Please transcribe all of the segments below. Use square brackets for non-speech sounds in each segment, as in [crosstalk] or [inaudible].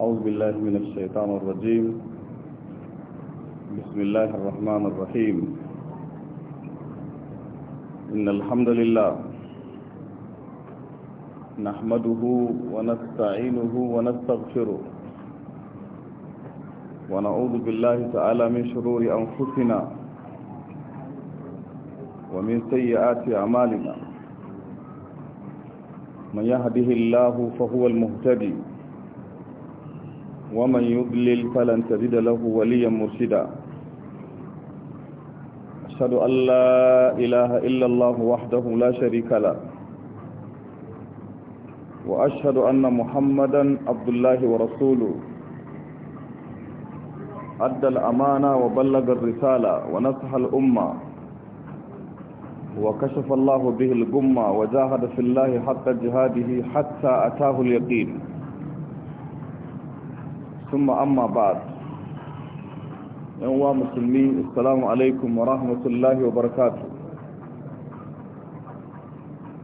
أعوذ بالله من الشيطان الرجيم بسم الله الرحمن الرحيم إن الحمد لله نحمده ونستعينه ونستغفره ونعوذ بالله تعالى من شرور أنفسنا ومن سيئات أعمالنا من يهده الله فهو المهتدي ومن يضلل فلن تجد له وليا مرشدا أشهد أن لا إله إلا الله وحده لا شريك له وأشهد أن محمدا عبد الله ورسوله أدى الأمانة وبلغ الرسالة ونصح الأمة وكشف الله به الغمة وجاهد في الله حتى جهاده حتى أتاه اليقين ثم أما بعد ينوى مسلمي السلام عليكم ورحمة الله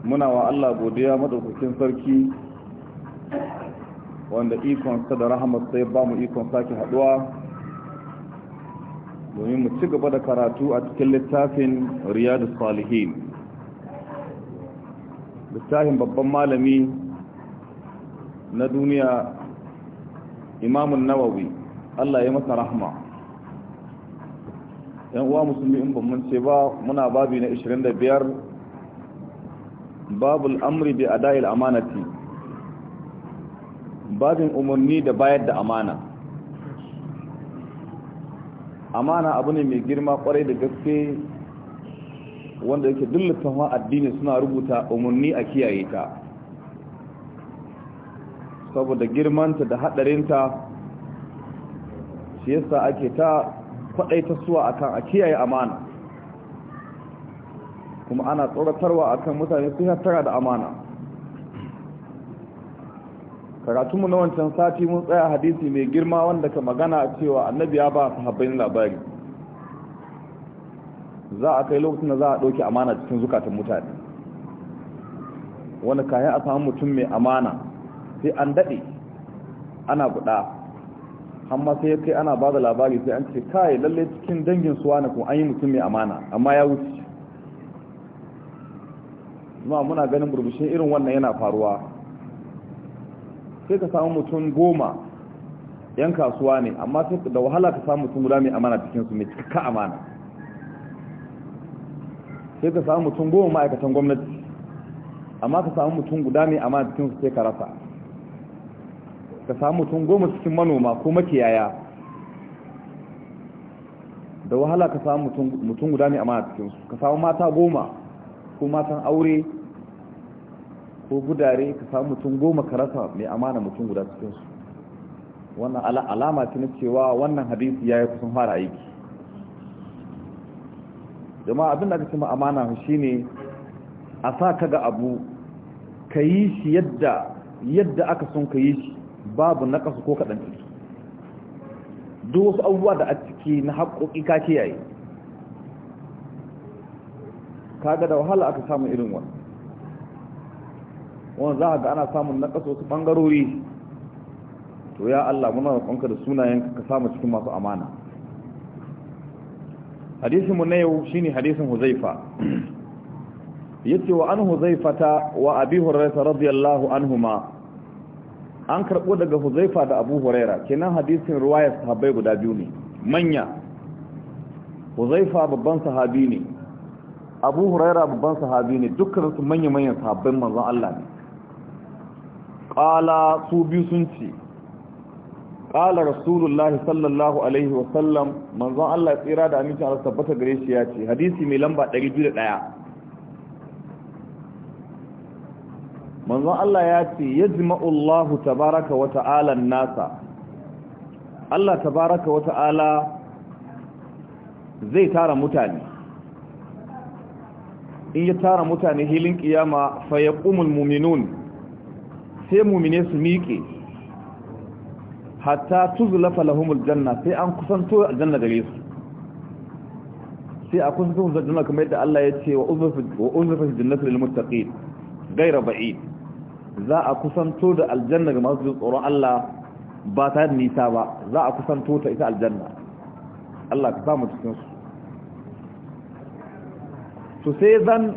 muna wa Allah godiya madaukakin sarki wanda ikonsa da rahamar sai ba ikon sake haduwa domin mu ci gaba da karatu a cikin littafin riyadu salihin littafin babban malami na duniya imamun nawawi Allah ya masa rahma yan uwa musulmi in ban ce ba muna babi na 25 babul amri bi ada'il amanati babin umarni da bayar da amana amana abu ne mai girma kwarai da gaske wanda yake duk addini suna rubuta umarni a kiyaye ta saboda girmanta da hadarinta shi yasa ake ta faɗaita ta suwa akan a kiyaye amana kuma ana tsoratarwa akan mutane su hattara da amana karatunmu na wancan sati mun tsaya hadisi mai girma wanda ka magana cewa annabi ya ba sahabbain labari za a kai lokacin da za a ɗauki amana cikin zukatan mutane wani kayan a samu mutum mai amana sai an daɗe ana guda amma sai ya kai ana ba da labari sai an ce kai lalle cikin dangin suwa na kuma an yi mutum mai amana amma ya wuce zuma muna ganin burbushin irin wannan yana faruwa sai ka samu mutum goma yan kasuwa ne amma sai da wahala ka samu mutum guda mai amana cikin su mai cikakka amana sai ka samu mutum goma ma'aikatan gwamnati amma ka samu mutum guda mai amana cikin su sai ka rasa ka samu mutum goma cikin manoma ko makiyaya da wahala ka samu mutum guda ne a mana cikinsu ka samu mata goma ko matan aure ko gudare ka samu mutum goma ka rasa mai amana mutum guda cikinsu wannan alama ce na cewa wannan hadisi ya yi kusan fara aiki jama'a abin da aka ma'amana amana shi ne a sa ka ga abu ka yi shi yadda yadda aka son ka yi shi babu nakasu ko kaɗan ciki duk wasu abubuwa da a ciki na haƙoƙi ka kiyaye kaga da wahala aka samu irin wani wani za a ga ana samun ƙasa wasu ɓangarori to ya Allah muna ƙonka da sunayen ka samu cikin masu amana hadisinmu na yau shi ne hadisin huzaifa ce wa an huzaifata wa abi hurairah radiyallahu anhuma an karɓo daga huzaifa da abu huraira kenan hadisin ruwayar sahabbai guda biyu ne manya huzaifa babban sahabi ne abu huraira babban sahabi ne dukkaninsu manya-manyan sahabbai manzon Allah ne ƙala su biyu sun ce ƙala rasulullahi sallallahu alaihi wasallam manzon Allah tsira da amincin Allah tabbata gare shi ya ce hadisi mai lamba 201 manzon Allah ya ce yajma'u Allah tabaraka wa ta'ala nasa Allah tabaraka wa ta'ala zai tara mutane in ya tara mutane hilin kiyama fa yaqumul mu'minun sai mu'mine su miƙe hatta tuzlafa lahumul janna sai an kusanto aljanna gare su sai a kusanto aljanna kamar yadda Allah ya ce wa uzfa wa uzfa jannatu lil muttaqin ghayra ba'id za a kusanto da aljanna ga masu tsoron Allah ba ta nisa ba za a kusanto ta ita aljanna Allah ka samu cikin su to sai zan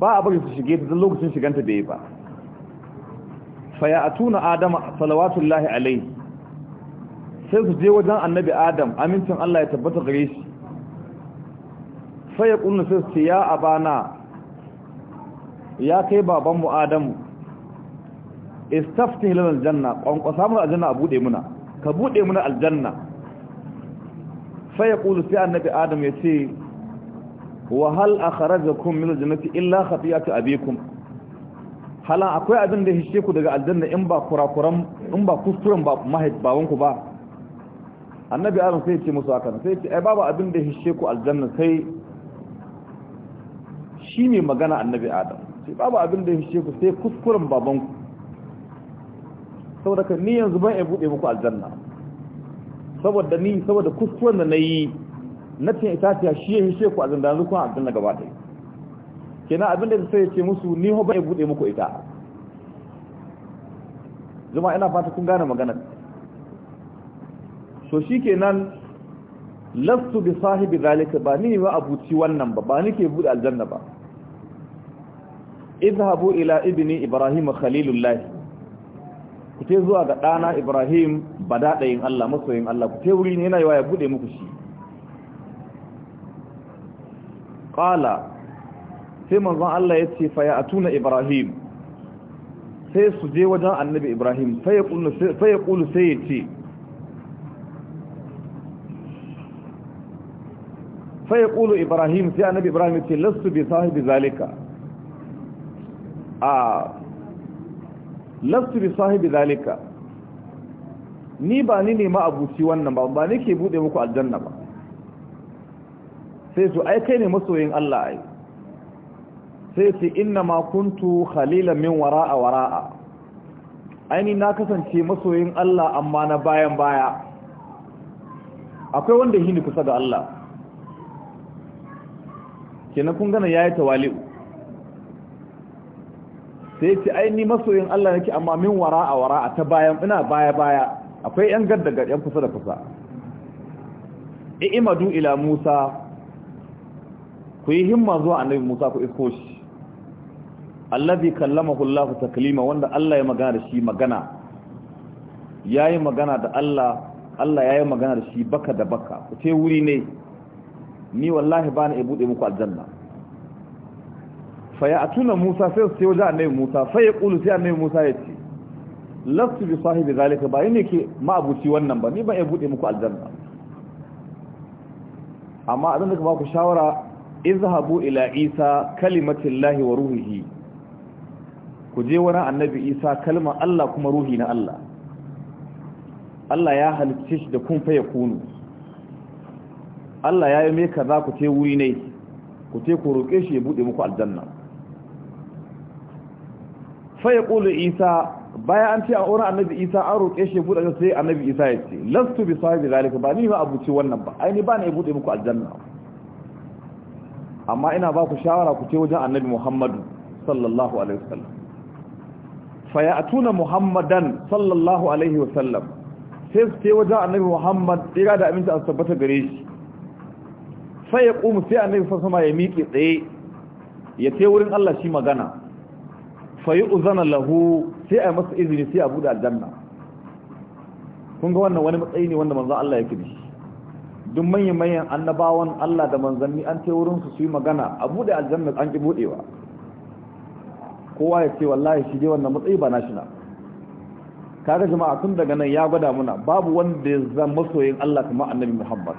ba a bari su shige ta lokacin shiganta bai ba fa ya atuna adama salawatullahi alaihi sai su je wajen annabi adam amincin Allah ya tabbata gare shi fa ya kunna sai su ce ya abana ya kai babanmu adamu istaftih lana aljanna kwankwasa mana aljanna a bude muna ka bude muna aljanna sai ya kulu sai annabi adam ya ce wa hal akhrajakum min aljannati illa khatiyatu abikum hala akwai abin da hishe ku daga aljanna in ba kurakuran in ba kuskuren ba mahaifawan ku ba annabi adam sai ya musu haka sai ya ce ai babu abin da hishe ku aljanna sai shine magana annabi adam sai babu abin da hishe ku sai kuskuren babanku saboda ka ni yanzu ban ya buɗe muku aljanna saboda ni saboda kuskuren da na yi na cin itaciya shi ya hishe ku aljanna yanzu kuma aljanna gaba ɗaya kenan abin da sai ya ce musu ni ho ban ya buɗe muku ita zama ina fata kun gane magana so shi kenan lastu bi sahibi zalika ba ni ba abuci wannan ba ba ke buɗe aljanna ba izhabu ila ibni ibrahim khalilullah ku te zuwa ga ɗana ibrahim ba daɗayin allah masoyin allah ku te wuri ne yana yawa ya buɗe muku shi ƙala sai manzon allah ya ce faya a tuna ibrahim sai su je wajen annabi ibrahim sai ya ƙulu sai ya ce sai ya ƙulu ibrahim sai annabi ibrahim ya ce lasu bi sahibi zalika a lastu bi sahibi zalika ni ba ni ne ma'abuci wannan ba ba nake bude muku aljanna ba sai su ai kai ne masoyin Allah ai sai su inna ma kuntu khalilan min wara'a wara'a aini na kasance masoyin Allah amma na bayan baya akwai wanda yini kusa ga Allah kenan kun gana yayi tawali'u sai ce ai ni masoyin Allah nake amma min wara a wara a ta bayan ina baya baya akwai yan ga yan kusa da kusa imadu ila Musa ku yi himma zuwa annabi Musa ku iko shi allazi kallamahu Allah taklima wanda Allah ya magana da shi magana yayi magana da Allah Allah yayi magana da shi baka da baka ku ce wuri ne ni wallahi bani ibude muku aljanna fa ya tuna musa sai su ce wajen annabi musa fa ya kulu sai annabi musa ya ce lafsu bi sahibi zalika ba yana ke ma'abuci wannan ba ni ba ya bude muku aljanna amma a da ba ku shawara izhabu ila isa kalimatillahi wa ruhihi ku je wani annabi isa kalmar Allah kuma ruhi na Allah Allah ya halitta shi da kun faya kunu Allah ya yi mai kaza ku ce wuri ne ku ce ku roƙe shi ya buɗe muku aljanna fa ya ƙulu isa bayan an ce a wurin annabi isa an roƙe shi ya buɗe sai annabi isa ya ce lastu bi sahibi zalika ba ni ba abuci wannan ba ai ni ba na ya buɗe muku aljanna amma ina ba ku shawara ku ce wajen annabi muhammadu sallallahu alaihi wasallam fa ya atuna muhammadan sallallahu alaihi wasallam sai su ce wajen annabi muhammad tsira da aminci a tabbata gare shi sai ya ƙumu sai annabi fasama ya miƙe tsaye ya ce wurin allah shi magana fayi uzana lahu sai a masa izini sai a buɗe aljanna kun ga wannan wani matsayi ne wanda manzan Allah ya kudi duk manyan manyan annabawan Allah da manzanni an ce wurin su yi magana a buɗe aljanna an ki buɗewa kowa ya ce wallahi shi dai wannan matsayi ba nashi na kaga jama'a tun daga nan ya gwada muna babu wanda ya zama masoyin Allah kamar annabi Muhammad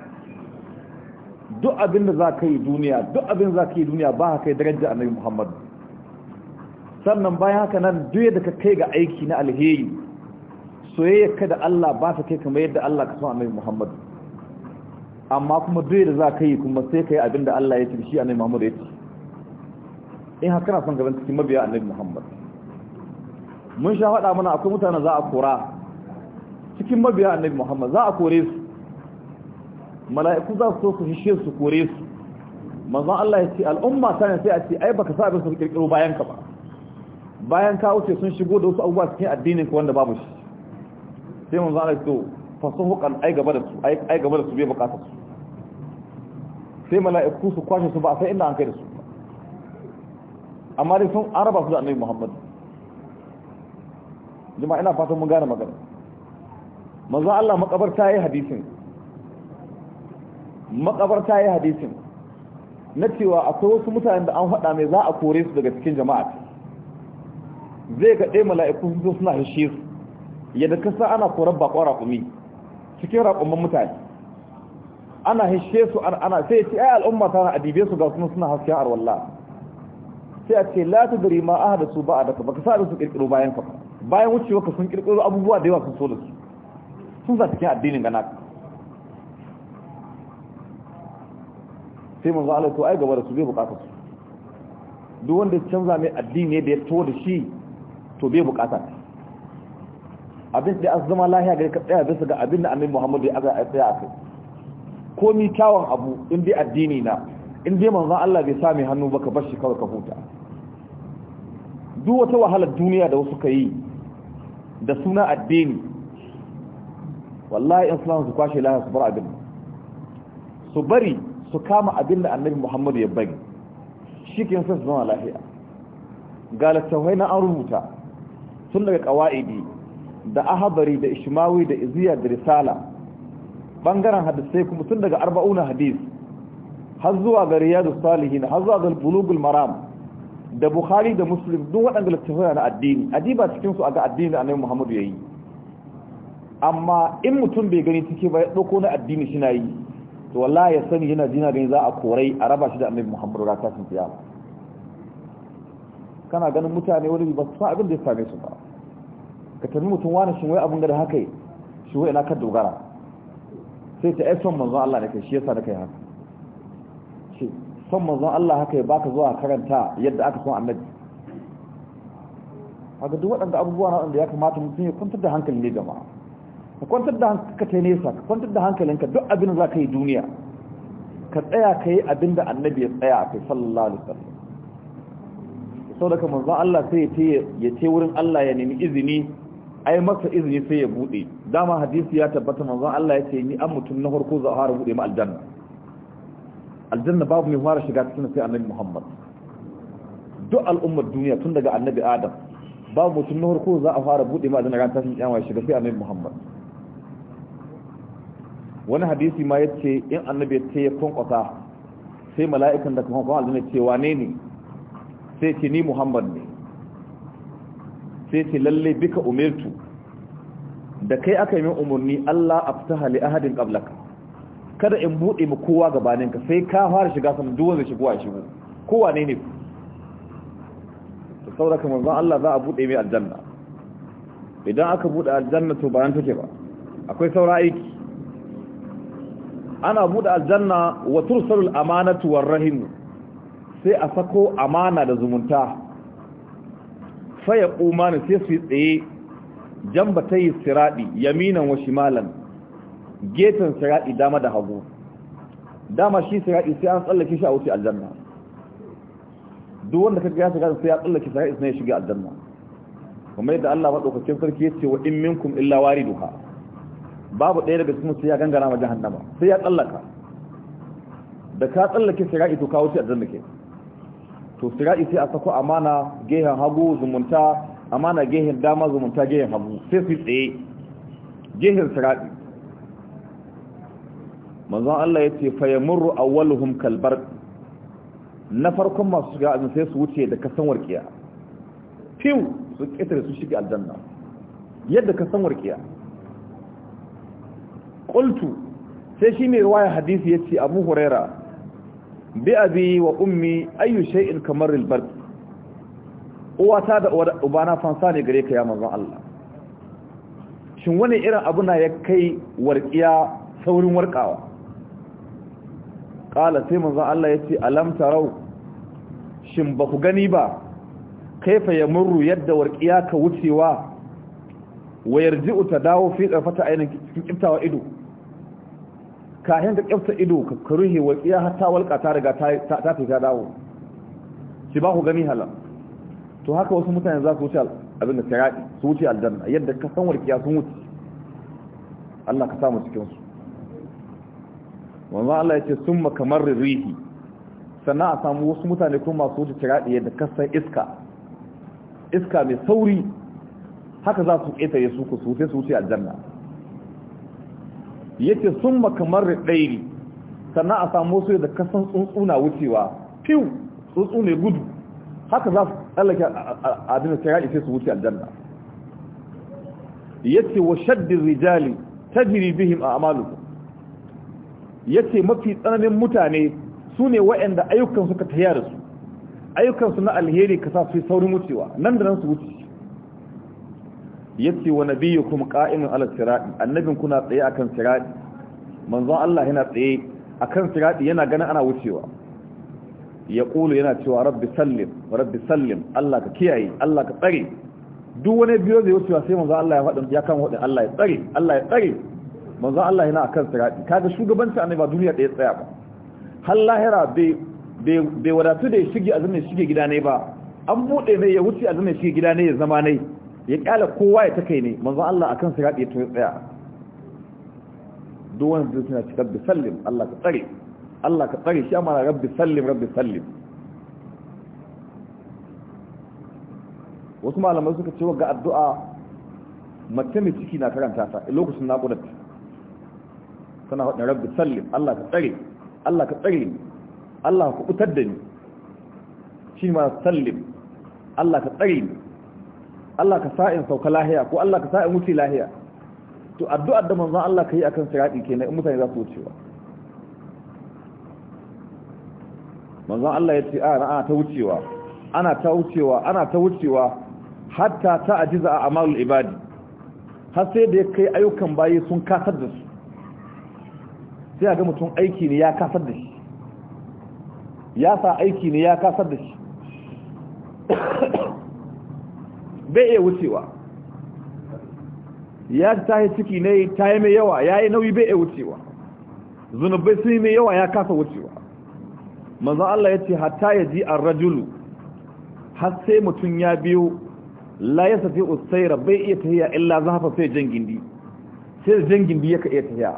duk abin da za ka yi duniya duk abin za ka yi duniya ba ka kai darajar annabi Muhammad sannan bayan haka nan duk da ka kai ga aiki na alheri soyayya ka da Allah ba ta kai kamar yadda Allah ka san annabi Muhammad amma kuma duk da za ka yi kuma sai ka yi abin da Allah ya ce shi annabi Muhammad ya ce in haka na son gaban cikin mabiya annabi Muhammad mun sha faɗa mana akwai mutane za a kora cikin mabiya annabi Muhammad za a kore su mala'iku za su so su hishe su kore su manzon Allah ya ce al'umma ta ne sai a ce ai baka sa abin su kirkiro bayan ka ba bayan ka wuce sun shigo da wasu abubuwa cikin addinin ka wanda babu shi sai mun zana to hukan ai gaba da su ai gaba da su bai bukata su sai mala'iku su kwashe su ba sai inda an kai da su amma dai sun araba su da annabi Muhammad jama'a ina fatan mun gane magana manzo Allah makabarta yayi hadisin makabarta yayi hadisin na cewa akwai wasu mutanen da an faɗa mai za a kore su daga cikin jama'a zai ga ɗaya mala'iku sun suna hishe su yadda kasa ana korar bakon raƙumi cikin raƙumin mutane ana hishe su ana sai ce ai al'umma ta adibe su ga suna suna hasken arwallah sai a ce lati gari ma aha da su ba a daga baka sa da su ƙirƙiro bayan ka bayan wucewa ka sun ƙirƙiro abubuwa da yawa sun so da su sun za cikin addinin gana ka sai mun za'ala to ai gaba da su zai buƙata su duk wanda canza mai addini da ya to da shi to bai bukata abin da ya zama lahiya gari ka tsaya bisa ga abin da amin muhammadu ya tsaya a kai komi kyawun abu in dai addini na in dai manzan Allah bai sami hannu ba ka bar shi kawai ka huta duk wata wahalar duniya da wasu ka yi da suna addini wallahi in suna su kwashe lahiya su bar abin su bari su kama abin da annabi muhammadu ya bari shi ke yin sun zama lahiya ga littattafai na an rubuta tun daga kawaidi da ahbari da ishmawi da iziya da risala bangaren hadisai kuma tun daga arba'una hadis har zuwa ga riyadu salihin har zuwa ga bulugul maram da bukhari da muslim duk waɗanda littafiya na addini adiba cikin su a ga addini annabi muhammadu yayi amma in mutum bai gani cike ba ya ɗauko na addini shi na yi to wallahi ya sani yana jina gani za a korai a raba shi da annabi muhammadu ra tashin kiyama kana ganin mutane wani ba su abin da ya same su ba ka tafi mutum wani shi wai abin da haka yi shi wai ka dogara sai ta ai son manzon Allah da kai shi yasa da kai haka shi son manzon Allah haka ya baka zuwa karanta yadda aka son annabi haka duk waɗanda abubuwa na wanda ya kamata mutum ya kwantar da hankali ne jama'a ka kwantar da ka ta nesa ka kwantar da ka duk abin da za ka yi duniya ka tsaya ka yi abin da annabi ya tsaya a kai sallallahu alaihi wasallam sau daga manzan Allah sai ya ce wurin Allah ya nemi izini ai maka izini sai ya buɗe dama hadisi ya tabbata manzan Allah ya ce ni an mutum na harko za a fara buɗe ma aljanna aljanna babu mai fara shiga cikin sai annabi muhammad duk al'ummar duniya tun daga annabi adam babu mutum na harko za a fara buɗe ma aljanna ran tashin kiyama ya shiga sai annabi muhammad wani hadisi ma ya ce in annabi ya ce ya kwankwasa sai mala'ikan da kuma kwan aljanna ce wane ne sai ce ni muhammad ne sai ce lalle bika umirtu da kai aka yi min umarni Allah aftaha li ahadin qablaka kada in bude mu kowa gabanin ka sai ka fara shiga sam duk wanda shigo a shigo kowa ne ne sauraka manzo Allah za a bude mai aljanna idan aka bude aljanna to bayan take ba akwai saura aiki ana bude aljanna wa tursalul amanatu war rahimu sai a sako amana da zumunta faya ya sai su yi tsaye jamba ta yi siraɗi yaminan wa shimalan getan siraɗi dama da hagu dama shi siraɗi sai an tsallake shi a wuce aljanna duk wanda ka gaya siraɗi sai ya tsallake siraɗi sai ya shiga aljanna kuma yadda Allah maɗaukakin sarki ya ce wa in minkum illa wariduha babu ɗaya daga cikin sai ya gangara ma jahannama sai ya tsallaka da ka tsallake siraɗi to ka wuce aljanna ke to sira'i sai a sako amana gehen hagu zumunta amana gehen dama zumunta gehen hagu sai su tsaye gehen sira'i manzon Allah ya ce fayamurru awwaluhum kalbar na farkon masu shiga azin sai su wuce da kasan warkiya fiw su ƙetare su shiga aljanna yadda kasan warkiya qultu sai shi mai riwaya hadisi yace Abu huraira bi abi wa ummi ayu shay'in kamar al-bard uwata da ubana fansa ne gare ka ya manzon Allah shin wani irin abu na ya kai warkiya saurin warkawa qala sai manzon Allah yace alam tarau shin ba ku gani ba kaifa yamurru yadda warkiya ka wucewa wayarji'u ta dawo fi tsafata ainin cikin kiftawa ido kahin ka kyafta ido ka ruhe watsiya har ta walka ta riga ta fi ta dawo shi ba ku gani halar to haka wasu mutane za su wuce abin da tsiraɗi su wuce aljanna yadda ka san walƙiya sun wuce Allah ka samu cikinsu wanzan Allah ya ce sun makamar rihi sannan a samu wasu mutane kuma masu wuce tsiraɗi yadda ka san iska iska mai sauri haka za su ƙetare su ku su wuce aljanna yace sun makamar ɗairi sannan a samu su da kasan tsuntsuna wucewa fiw tsuntsu ne gudu haka za su tsallake abin da yaƙi sai su wuce aljanna yace wa shaddi rijali a bihim a'malukum yace mafi tsananin mutane su ne waɗanda ayyukan suka tayar da su ayyukansu na alheri ka sa su saurin wucewa nan da nan su wuce yace wa nabiyukum qa'imun ala sirati annabin kuna tsaye akan sirati manzon Allah yana tsaye akan sirati yana ganin ana wucewa ya kulu yana cewa rabbi sallim rabbi sallim Allah ka kiyaye Allah ka tsare duk wani biyo zai wucewa sai manzon Allah ya faɗin ya kan wadin Allah ya tsare Allah ya tsare manzon Allah yana akan sirati kaga shugabanci annabi ba duniya ɗaya tsaya ba har lahira bai bai wadatu da ya shige azumin shige gida ne ba an buɗe ne ya wuce azumin shige gida ne ya zama ne ya kyala kowa ya take ne manzo Allah akan sirati ya tsaya duk wanda zai tana cikar bi sallim Allah ka tsare Allah ka tsare shi amana rabbi sallim rabbi sallim wasu malamai suka ce ga addu'a mace mai ciki na karanta ta lokacin naƙudar tana faɗin rabbi sallim Allah ka tsare Allah ka tsare Allah ka kubutar da ni shi ma sallim Allah ka tsare ni Allah ka sa in sauka lahiya ko Allah ka sa in wuce lahiya to addu'ar da manzon Allah ka yi akan sirati kenan in mutane za su wucewa manzon Allah ya ce a ana ta wucewa ana ta wucewa ana ta wucewa hatta ta ajiza a amalul ibadi har sai da ya kai ayyukan bayi sun kasar da su sai ga mutum aiki ne ya kasar da shi ya sa aiki ne ya kasar da shi bai iya wucewa ya ta yi ciki ne ta yi mai yawa ya yi nauyi bai iya wucewa zunubai sun yi mai yawa ya kasa wucewa manzan Allah ya ce hatta ya ji an rajulu har sai mutum ya biyo la ya safi usaira bai iya tahiya illa hafa sai jan gindi sai jan gindi ya ka iya tahiya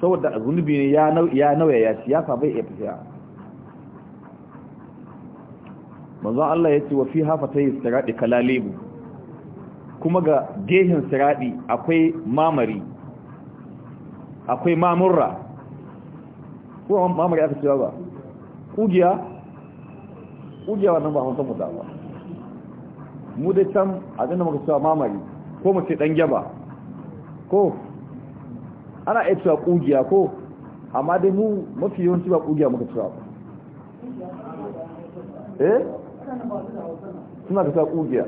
saboda zunubi ne ya nauya ya ci ya sa bai iya tahiya manzo Allah ya ce wa fiha fatay istiradi kalalibu kuma ga gehen siradi akwai mamari akwai mamurra ko mamari aka cewa ba ƙugiya kugiya wannan ba hausa mutu ba mu da tam a ga namu cewa mamari ko mu ce ɗan gyaba ko ana iya cewa ƙugiya ko amma dai mu mafi yawanci ba ƙugiya muka cewa ba eh suna ka sa ƙugiya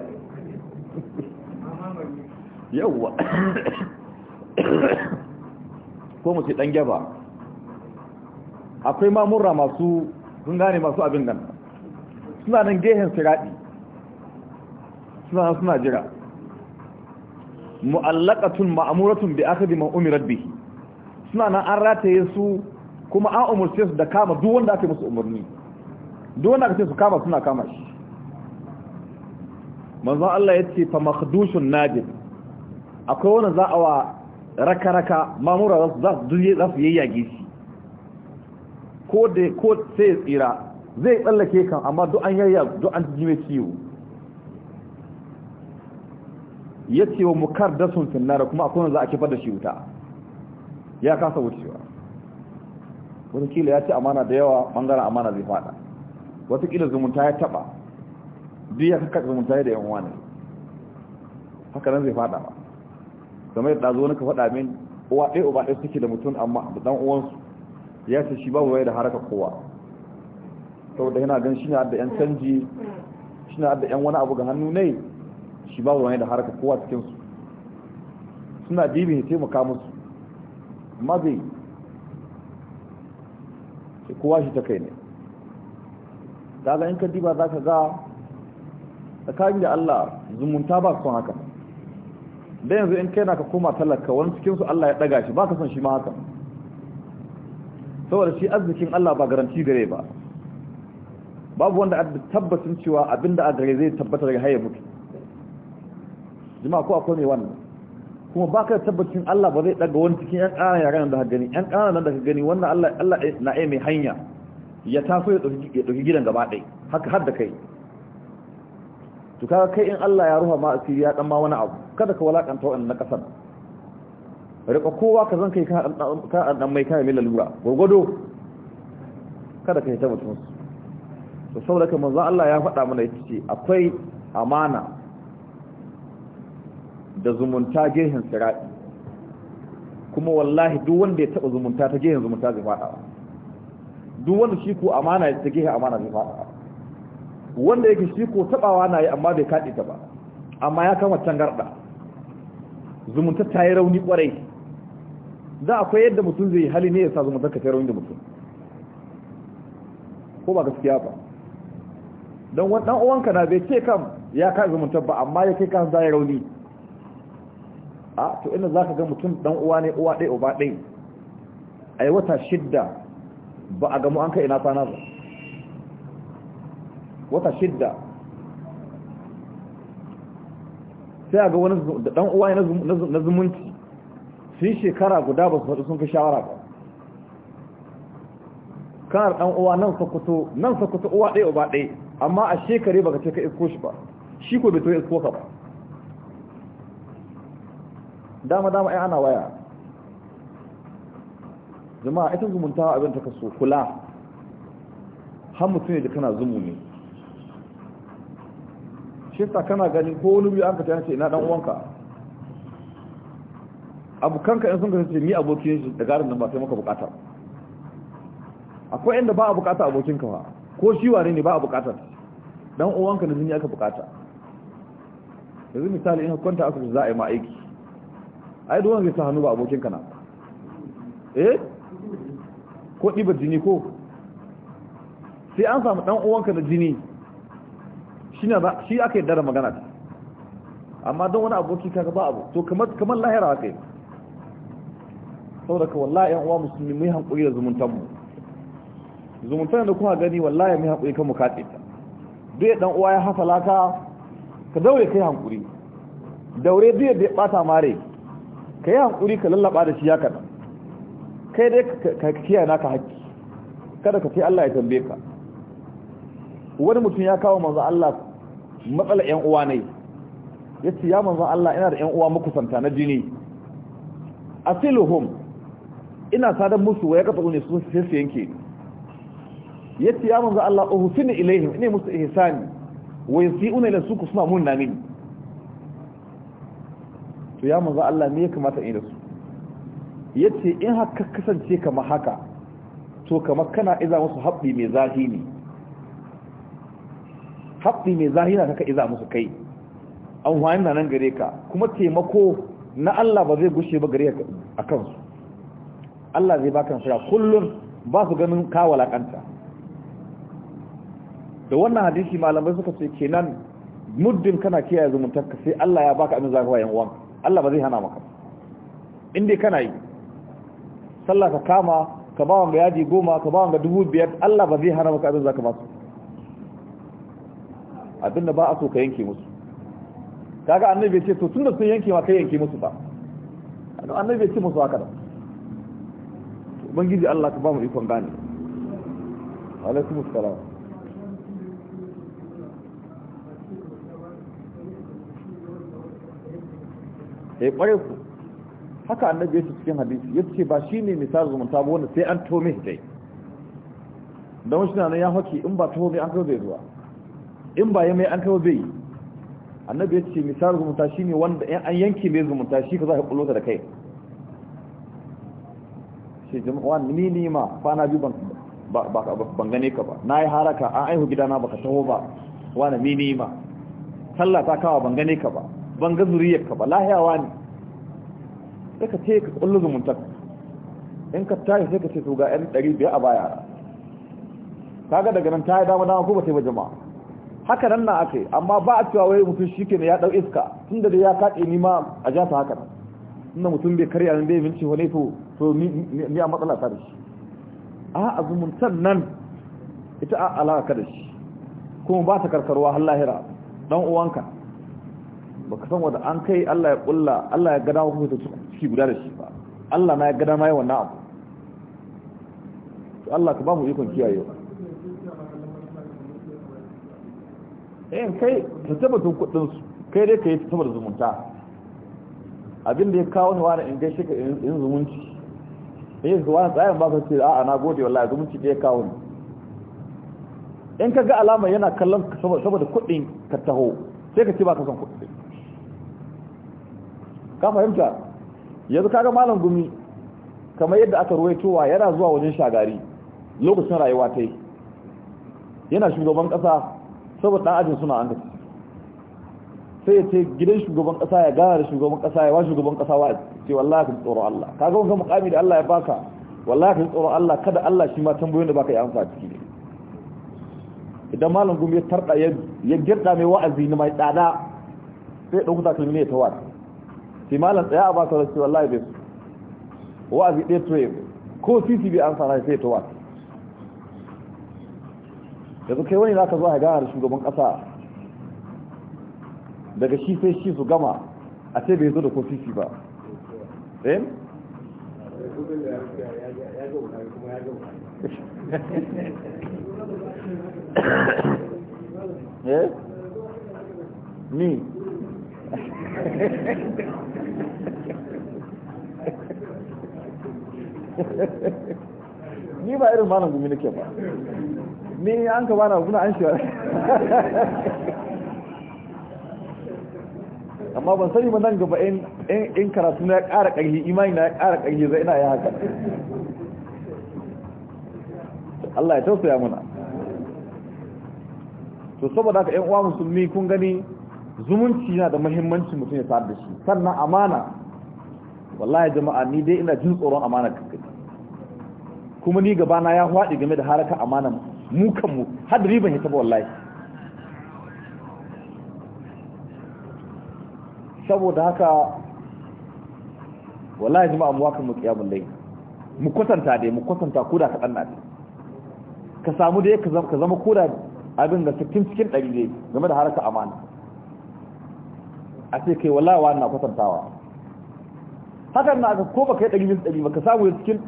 yawwa ko mu ce ɗan gyaba akwai mamurra masu sun gane masu abin nan suna nan gehen siraɗi suna suna jira mu'allakatun ma'amuratun bi akhdi man umirat bihi suna nan an rataye su kuma an umarce su da kama duk wanda aka musu umarni duk aka ce su kama suna kama shi manzon Allah ya ce fa makhdushun najib akwai wanda za a wa raka raka mamura za su duje za su yayyage shi ko da ko sai tsira zai tsallake kan amma duk an yayya duk an jime ciwo ce wa mukardasun finnara kuma akwai wanda za a kifa da shi wuta ya kasa wucewa wani kila ya ci amana da yawa bangaren amana zai fada watakila zumunta ya taɓa duk ya kakka zumunta ya da yan ne haka nan zai faɗa ba game da zo wani ka faɗa min uwa ɗaya uba ɗaya suke da mutum amma da ɗan uwansu ya ce shi babu wai da haraka kowa saboda yana gan shi na da yan canji shi na da yan wani abu ga hannu ne shi babu wani da haraka kowa cikinsu suna dibi ya taimaka musu amma bai kowa shi ta kai ne daga in ka diba za ka ga tsakanin da Allah zumunta ba son haka da yanzu in kai na ka koma talaka wani cikinsu Allah ya ɗaga shi ba ka son shi ma haka saboda shi arzikin Allah ba garanti gare ba babu wanda a tabbacin cewa abinda a gare zai tabbata daga haye mutu jima'a ko akwai mai wannan kuma ba ka tabbacin Allah ba zai ɗaga wani cikin ‘yan ƙananan yaran da ka gani ‘yan ƙananan nan da ka gani wannan Allah na iya mai hanya ya taso ya ɗauki gidan gaba ɗai haka har da kai to kaga kai in Allah ya ruha ma asiri ya dan ma wani abu kada ka walakanta wannan na kasar rika kowa ka zan kai ka dan dan mai kai mai lalura gwargwado kada ka yi ta mutum to saboda manzo Allah ya faɗa mana yace akwai amana da zumunta gehen sirati kuma wallahi duk wanda ya taba zumunta ta gehen zumunta zai faɗa duk wanda shi ko amana ya take amana zai fada wanda yake shi ko tabawa na yi amma bai kaɗe ta ba amma ya kama tangarda zumunta ta yi rauni kwarai da akwai yadda mutum zai hali ne ya sa zumunta ka ta rauni da mutum ko ba gaskiya ba don wani uwanka na bai ce kam ya ka zumunta ba amma ya kai kan za yi rauni a to ina za ka ga mutum dan uwa ne uwa ɗaya uba ɗaya a yi wata shidda ba a gamu an kai ina kwana ba wata shidda sai a ga wani da ɗan uwa na zumunci sun shekara guda ba su faɗi sun fi shawara ba kanar ɗan uwa nan sakuto nan sakuto uwa ɗaya uba ɗaya amma a shekare baka ce ka isko shi ba shi ko bai to ya isko ka ba dama dama ai ana waya jama'a ita zumunta abin ta kaso kula har mutum ne da kana zumu ne shi sa kana gani ko wani biyu an ka tana ce ina dan uwanka abokanka in sun ka ce ni abokin shi da garin nan ba sai maka bukata akwai inda ba a bukata abokinka ba ko shi wane ne ba a bukata dan uwanka na jini aka bukata yanzu misali in kwanta aka za a yi ma aiki ai duwan zai sa hannu ba abokinka na eh ko ɗiba jini ko sai an samu ɗan uwanka na jini shi aka yi dara magana ta amma don wani aboki kaga ba abu to kamar lahira haka yi saboda ka wallahi yan uwa musulmi mai hankuri da zumuntanmu zumuntan da kuma gani wallahi mai hankuri kan mukaɗe ta duk ɗan uwa ya hasala ka ka daure kai hankuri daure duk da ya bata mare ka yi hankuri ka lallaba da shi ya kaɗan kai dai ka kiyaye naka haƙƙi kada ka kai Allah ya tambaye ka wani mutum ya kawo manzo Allah matsala ƴan uwa ne yace ya manzo Allah ina da ƴan uwa muku santa na jini asiluhum ina sadan musu waya ka ne su sai su yanke yace ya manzo Allah uhsini ilaihim ina musu ihsani wa yasiuna ila suku suna mun nami to ya manzo Allah me ya kamata in da su yace in haka kasance kamar haka to kamar kana iza musu haɓɓi mai zahiri ne haɓɓi mai zahiri na kaka iza musu kai an wani na nan gare ka kuma taimako na Allah ba zai gushe ba gare a kansu Allah zai ba kan shira kullum ba su ganin kanta da wannan hadisi malamai suka ce kenan muddin kana kiyaye zumuntarka sai Allah ya baka abin zagawa yan uwan Allah ba zai hana maka in dai kana yi sallah ka kama ka ba wanga yaji goma ka ba wanga dubu biyar Allah ba zai hana maka abin zaka ba su abin da ba a so ka yanke musu kaga annabi ce to tunda sun yanke ma kai yanke musu ba annabi ce musu haka da ubangiji Allah ka ba mu ikon gane alaikum assalam eh kware ku haka annabi ya ce cikin hadisi ya ce ba shi ne misal zumunta ba wanda sai an tome dai don shi nan ya haki in ba tome an kawo zai zuwa in ba ya mai an kawo zai annabi ya ce misal zumunta shi ne wanda an yanke mai zumunta shi ka za ka kulo da kai shi jama'a ni ni ma na biyu ban ban gane ka ba na yi haraka an aihu gidana baka taho ba wani ni ni ma sallah ta kawo ban gane ka ba ban ga zuriyar ka ba lahiyawa ne sai ka ce ka kullu zumunta in ka tashi sai ka ce to ga yan ɗari biyar a baya kaga daga nan ta yi dama dama ko ba ta yi ba jama'a haka nan na ake amma ba a cewa wai mutum shi kenan ya ɗau iska tun da ya kaɗe ni ma a jasa haka nan da mutum bai karya nan bai minci wani to to ni a matsala ta da shi a zumuntar nan ita a alaka da shi kuma ba ta karkarwa har lahira ɗan uwanka baka san wanda an kai Allah ya kulla Allah ya gada hukunta ciki guda da shi ba Allah na ya gada mai wannan abu to Allah ka ba mu ikon kiyaye eh kai ka tabbatun kudin su kai dai kai tabbatar zumunta abin da ya kawo ni wani in gaishe ka in zumunci eh wani tsayin ba ka ce a'a na gode wallahi zumunci da ya kawo ni in ka ga alama yana kallon saboda kuɗin ka taho sai ka ce ba ka san kuɗi ka fahimta yanzu kaga malam gumi kamar yadda aka ruwaitowa yana zuwa wajen shagari lokacin rayuwa ta yi yana shugaban kasa saboda ɗan ajin suna an sai ya ce gidan shugaban kasa ya gana da shugaban kasa ya ba shugaban kasa wa ce wallahi ka tsoron Allah kaga wanga mukami da Allah ya baka wallahi ka tsoron Allah kada Allah shi ma tambayoyin da baka yi amsa ciki ne idan malam gumi ya tarda ya girda mai wa'azi na mai tsada sai ya dauka kalmi ne ta wata sai malam tsaya a baka rasu wallahi bai su wa'azi ɗaya tuwe ko titi bai an sana sai ta wata su kai wani za ka zuwa gana da shugaban ƙasa daga shi sai shi su gama a ce bai zo da ko titi ba eh ni [coughs] eh? [laughs] ni ba irin malam gumi nake ba ni an ka bana guna an shiwa [laughs] amma ban sani ba nan gaba in karatu na ya ƙara ƙarfi imani na ya ƙara ƙarfi zai ina ya haka Allah ya tausaya mana to saboda haka ƴan uwa musulmi kun gani zumunci yana da muhimmanci mutum ya sa'ad da shi sannan amana wallahi jama'a ni dai ina jin tsoron amana kakkai kuma ni gaba na ya faɗi game da haraka amana mu kan mu har da riban ya taba wallahi saboda haka wallahi jama'a mu waka mu kiyamul lai mu kwatanta dai mu kwatanta koda ka dan nadi ka samu dai ka zama ka zama koda abin da cikin cikin dari dai game da haraka amana a ce kai wallahi wani na kwatantawa hakan na ko baka yi ɗari min ɗari baka samu cikin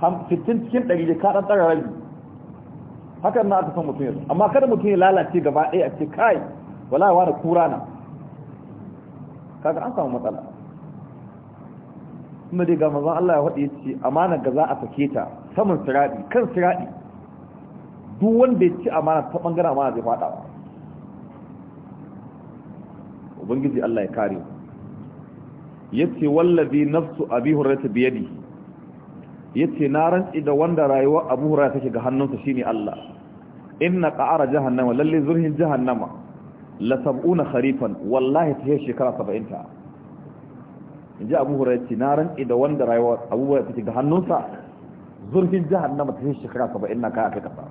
hamsin cikin ɗari da ka ɗan ɗara rabi hakan na aka san mutum yanzu amma kada mutum ya lalace gaba ɗaya a ce kai wallahi wani kura na kaga an samu matsala kuma dai ga manzon Allah ya faɗi ya ce amana ga za a sake ta saman siradi kan siradi duk wanda ya ci amana ta bangaren amana zai faɗa ubangiji Allah ya kare yace wallazi nafsu abi hurairah biyadi yace na rantsi da wanda rayuwa abu hurairah take ga hannunsa shine Allah inna qa'ara jahannama lalle zurhin jahannama la sab'una kharifan wallahi ta shekara 70 ta inji abu hurairah ce na rantsi da wanda rayuwa abu hurairah take ga hannunsa zurhin jahannama ta shekara 70 na kai aka kasa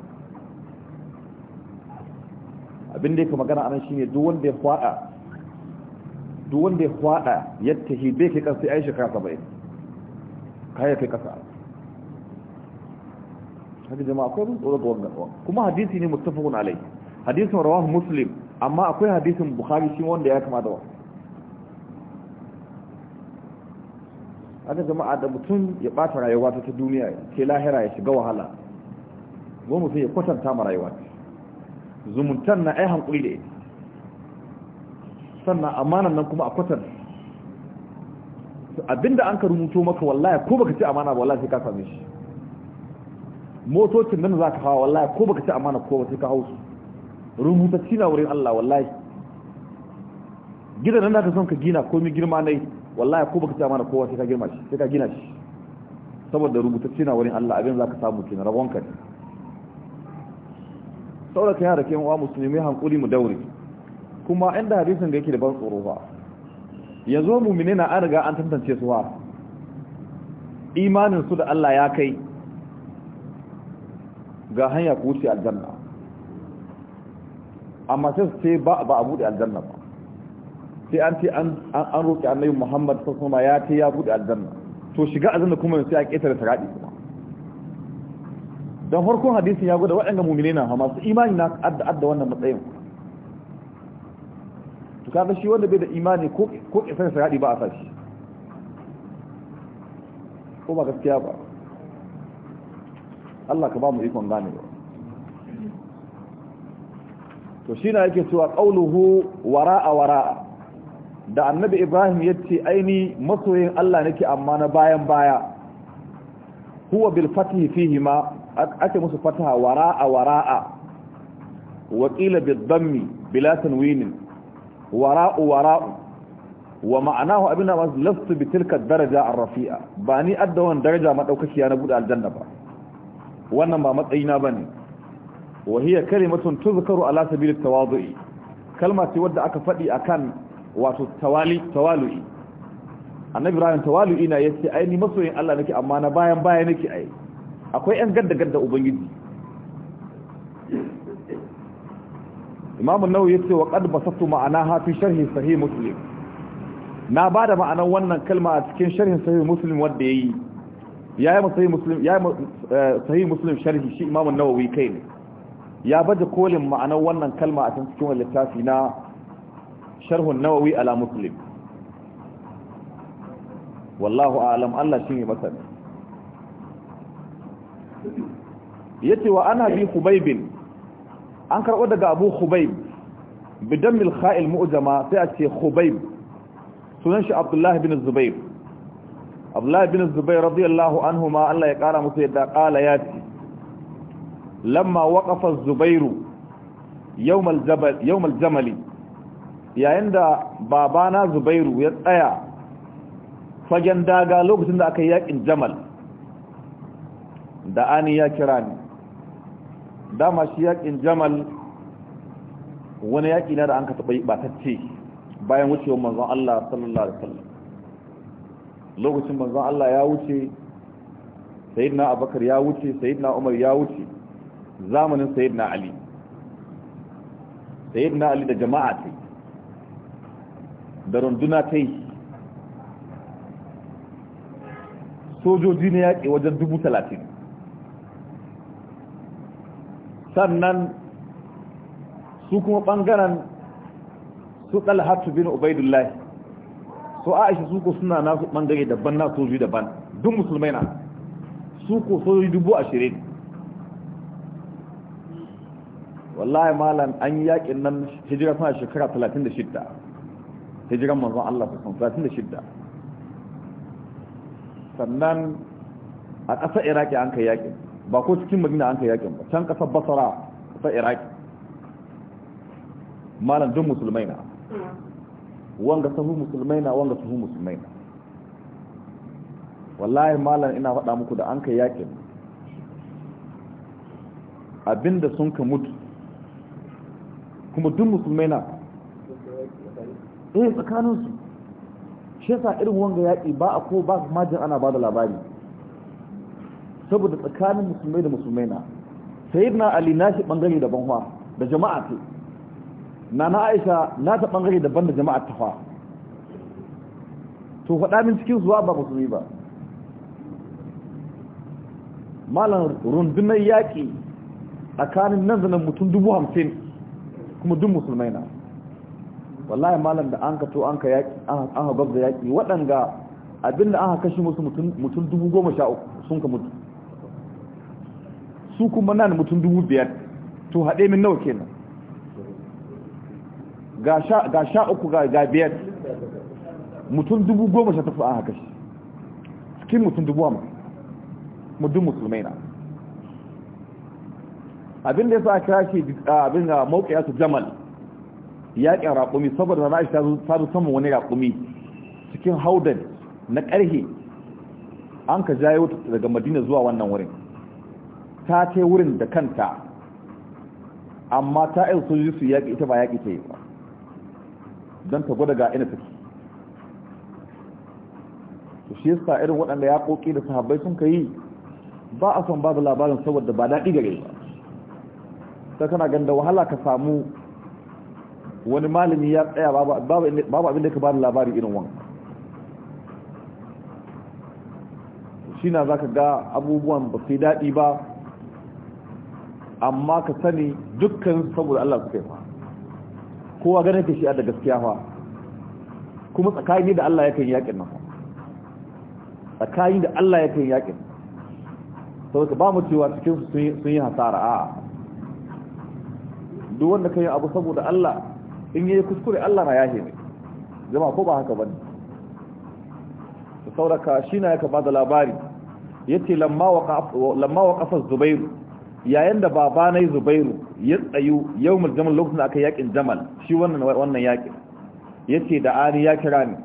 abin da yake magana anan shine duk wanda ya fada duk wanda ya kwada ya shi bai kai kasa ya yi shekara saba'in kaya kai kasa haka jama'a akwai mun tsoro ga wannan kuma hadisi ne muttafaqun alai hadisin rawahu muslim amma akwai hadisin bukhari shi wanda ya kama da wa haka jama'a da mutum ya bata rayuwa ta duniya ke lahira ya shiga wahala ko mutum ya kwatanta ma rayuwa zumuntan na ai hankuri da ita sannan amanan nan kuma a kwatar abinda an ka rumuto maka wallahi ko baka ci amana ba wallahi sai ka same shi motocin nan za ka hawa wallahi ko baka ci amana ko ba sai ka hausu rubutacci na wurin Allah wallahi gidan nan da ka son ka gina komai girma nai wallahi ko baka ci amana ko sai ka girma shi sai ka gina shi saboda rubutacci na wurin Allah abin za ka samu kenan rabonka ne saboda kai har da mu wa musulmi hankuri mu daure kuma inda hadisin da yake da ban tsoro ba yanzu mu'mini na an riga an tantance su ba imanin su da Allah ya kai ga hanya ku wuce aljanna amma sai ce ba ba a buɗe aljanna ba sai an ce an an roki annabi Muhammad sallallahu alaihi wasallam ya ce ya buɗe aljanna to shiga aljanna kuma sai a ketare taradi. kuma dan farkon hadisin ya gwada waɗanda mu'mini na ma su imani na adda adda wannan matsayin ga shi wanda bai da imani ko ko kisan sa ba a sashi ko ba gaskiya ba Allah ka ba mu ikon gane ba to shi na yake cewa qauluhu wara'a wara'a da annabi Ibrahim yace aini masoyin Allah nake amma na bayan baya huwa bil fathi fihi ma ake musu fataha wara'a wara'a wa qila bid dammi bila tanwinin wara'u wara'u wa ma'anahu abin da masu lastu daraja a rafi'a ba ni addawan daraja maɗaukakiya na buɗe aljanna ba wannan ba matsayina ba ne wa hiya kalimatun tuzkaru ala sabili tawazu'i. kalma ce wadda aka faɗi kan wato tawali tawalu'i annabi ibrahim tawalu'i na ce ai ni masoyin Allah nake amma na bayan baya nake ai akwai yan gadda gadda ubangiji imamu nau ya ce wa qad basattu ma'anaha fi sharhi sahih muslim na ba da ma'anar wannan kalma a cikin sharhin sahih muslim wanda yayi yayi mu sahih muslim yayi mu eh, sahih muslim sharhi shi imamu nawawi kai ne ya baje kolin ma'anar wannan kalma a cikin littafi na sharhun nawawi ala muslim wallahu a'lam Allah shi ne masani yace wa ana bi hubaybin an karɓo daga abu khubayb bidan milkha'il mu'jama sai a ce khubayb sunan shi abdullahi bin zubair abdullahi bin zubair radiyallahu anhu ma Allah ya kara musu yadda kala ya ce lamma waqafa zubairu yawm jamali. yayin da babana zubairu ya tsaya fagen daga lokacin da aka yi yaƙin jamal da ani ya kira ni dama shi yakin jamal wani yaki na da an ka taɓa batacce bayan wucewar manzon Allah sallallahu alaihi wasallam lokacin manzon Allah ya wuce sayyidina Abakar ya wuce sayyidina Umar ya wuce zamanin sayyidina Ali sayyidina Ali da jama'a ce da runduna ta yi sojoji na yaƙi wajen dubu talatin sannan su kuma ɓangaren su ɗalhatu bin ubaidullahi su aisha su ko suna nasu ɓangare daban na soji daban duk musulmai na su ko soji dubu ashirin wallahi malam an yi yaƙin nan hijira suna shekara 36 hijiran manzon Allah su san 36 sannan a ƙasa iraki an kai yaƙin ba ko cikin magina an kai yakin ba can kasar basara ta iraki malam duk musulmai na wanga sahu musulmai na wanga sahu musulmai na wallahi malam ina faɗa muku da an kai yakin abinda sun ka mutu kuma duk musulmai na eh tsakaninsu shi yasa irin wanga yaƙi ba a ko ba majin ana ba da labari saboda tsakanin musulmai da musulmai na na ali na shi bangare daban fa da jama'a ce na na aisha na ta bangare daban da jama'a ta fa to faɗa min cikin zuwa ba musulmi ba malam rundunar yaƙi tsakanin nan zanen mutum dubu hamsin kuma duk musulmai na wallahi malam da an ka to an ka yaƙi an haɓar gwabza yaƙi waɗanga abinda an ka kashe musu mutum dubu goma sha uku sun ka mutu su kuma na da mutum dubu biyar to haɗe min nawa kenan ga sha uku ga biyar mutum dubu goma sha tafi an haka shi cikin mutum dubu amma mutum musulmai na abin da ya sa kira shi abin da mawuƙa su jamal yaƙin raƙumi saboda na ta zo saman wani raƙumi cikin haudan na ƙarhe an ka jayo daga madina zuwa wannan wurin ta ce wurin da kanta amma ta yi yi su yaƙi ita ba yaƙi ta yi ba don ta gwada ga ina suke, su shi yasa irin waɗanda ya ƙoƙi da sahabbai sun ka yi ba a son ba da labarin saboda ba daɗi gare ba ta kana ganda wahala ka samu wani malami ya tsaya babu ba abinda ka ba da labari irin wanka shi na za ka ga abubuwan ba sai daɗi ba amma ka sani dukkan saboda Allah suka yi fa kowa ganin ka shi da gaskiya fa kuma tsakani da Allah yakan yakin nan tsakani da Allah yakan yakin ka ba mu cewa cikin sun yi hasara a duk wanda kan yi abu saboda Allah in yi kuskure Allah na yahe ne zama ko ba haka bane sauraka shi na ya ba da labari yace lamma waqa lamma Zubairu yayin da na zubairu ya tsayu yau Jamal lokacin da aka yakin jamal shi wannan yakin Ya ce da ani ya kira ni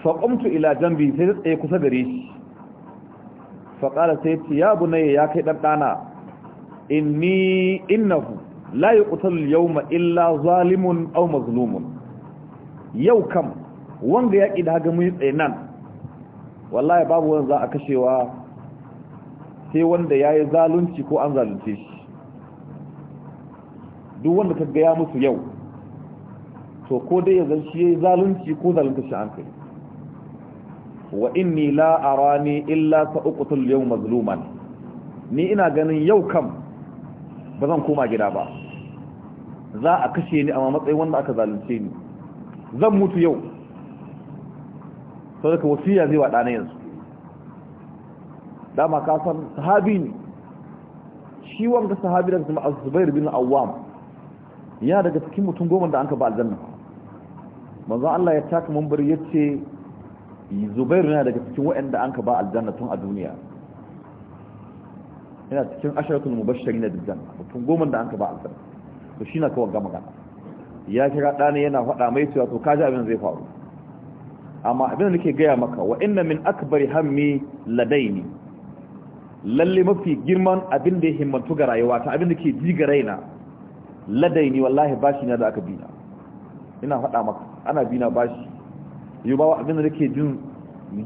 fa ila jambi sai tsaye kusa gare shi faƙala sai sai ce ya bunayya ya kai ɗanɗana In na innahu la yuqtalu yawma illa zalimun au mazlumun yau kam wanga yaki da haga mun tsaye nan wallahi babu wanda za a kashewa sai wanda ya yi zalunci ko an zalunce shi duk wanda ka gaya musu yau to ko dai ya zan ya yi zalunci ko zalunta shi an kai wa inni la rani illa ta uqtul yau mazluman ni ina ganin yau kam ba zan koma gida ba za a kashe ni amma matsayin wanda aka zalunce ni zan mutu yau sau daga wasiya zai wa ɗana yanzu dama ka san sahabi ne shi wanda sahabi da kuma az-zubair bin awwam ya daga cikin mutum goma da anka ba aljanna manzo Allah ya taka mambar yace zubair yana daga cikin waɗanda anka ba aljanna tun a duniya yana cikin asharatul mubashirin da aljanna mutum goma da anka ba aljanna to shi na kawai gama gana. ya kira ɗana yana faɗa mai cewa to kaji abin zai faru amma abin da nake gaya maka wa inna min akbari hammi ladaini lalle mafi girman abin da ya himmatu ga rayuwa ta abin da ke ji ga raina ladai ne wallahi bashi na da aka bina ina faɗa maka ana bina bashi ba wa abin da nake jin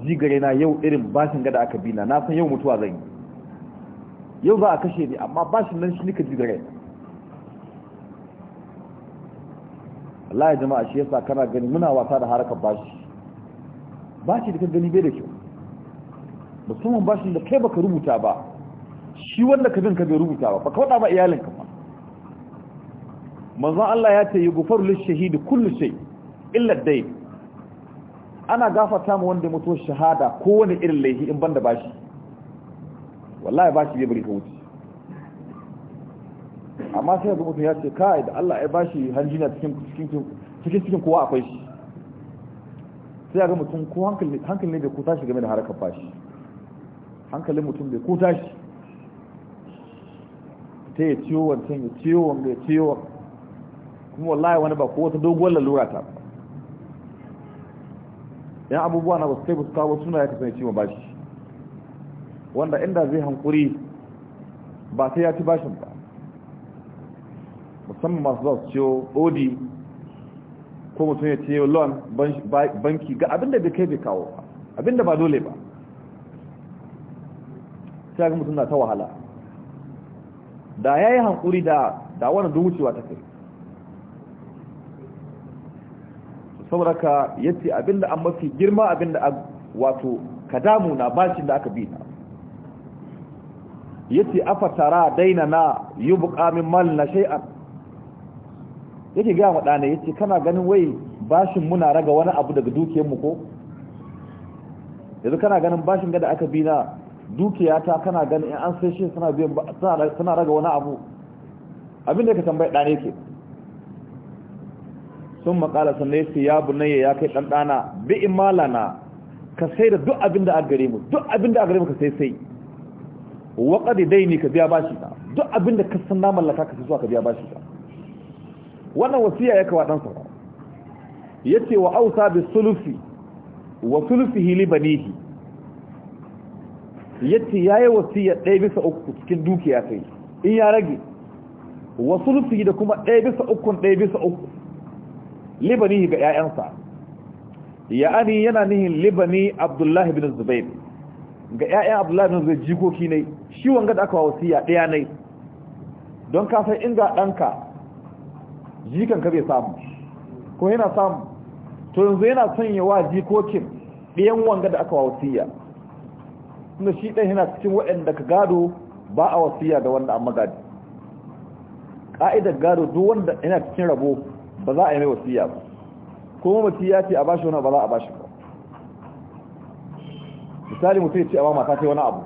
ji ga raina yau irin bashin ga da aka bina na san yau mutuwa zan yi yau za a kashe ni amma bashin nan shi nika ji ga raina Allah ya jama'a shi yasa kana gani muna wasa da harakar bashi bashi da kan gani bai da kyau musamman bashin da kai baka rubuta ba shi wanda ka bin ka bai rubuta ba baka wada ba ka ba manzon Allah ya ce yughfaru lish-shahidi kullu shay illa dai ana gafarta mu wanda mutuwa shahada ko wani irin laifi in banda bashi wallahi bashi bai bari ka wuce amma sai ga mutum ya ce kai da Allah ya bashi hanjina cikin cikin cikin cikin kowa akwai shi sai ga mutum ko hankali hankali ne bai kusa shi game da harakar bashi hankalin mutum bai ko tashi ta yi ciwo wancan yi ciwo wanda ya ciwo kuma wallahi wani ba ko wata doguwar lalura ta ba yan abubuwa na basu kai basu kawo suna ya kasance ciwon shi wanda inda zai hankuri ba sai ya ci bashin ba musamman masu zuwa su ciwo odi ko mutum ya ciwo loan banki ga abinda bai kai bai kawo ba abinda ba dole ba ta ga mutum na ta wahala da ya yi hankuri da da wannan wucewa ta kai saboda ka yace abinda an mafi girma abinda wato ka damu na bashin da aka bi na yace afatara daina na yubqa min mal na shay'an yake ga mu dana yace kana ganin wai bashin muna raga wani abu daga dukiyar mu ko yanzu kana ganin bashin ga da aka bi na dukiya ta kana gani in an sai shi suna biyan suna raga wani abu abin da ka tambayi ɗane ke sun makala sannan ya ya bunayya ya kai ɗanɗana bi na ka sai da duk abin da agare mu duk abin da agare mu ka sai sai waƙa dai ne ka biya bashi ta duk abin da ka san na mallaka ka zuwa ka biya bashi ta wannan wasiya ya kawo ɗansa ya ce wa ausa bi sulufi wa sulufihi li banihi yace yayi wasiya ɗaya bisa uku cikin dukiya sai in ya rage wasu rufi da kuma ɗaya bisa uku ɗaya bisa uku libani ga 'ya'yansa ya'ani yana nihin libani abdullahi bin zubair ga 'ya'yan abdullahi bin zubair jikoki ne shi wanga da aka wa wasiya ɗaya ne don kasar inda ɗanka jikanka bai samu ko yana samu to yanzu yana son wa jikokin ɗayan wanga da aka wa wasiya tunda shi ɗan yana cikin waɗanda ka gado ba a wasiya ga wanda an magadi ƙa'idar gado duk wanda yana cikin rabo ba za a yi mai wasiya ba kuma mutum ya ce a bashi wani ba za a bashi ba misali mutum ya ce a ba mata ce wani abu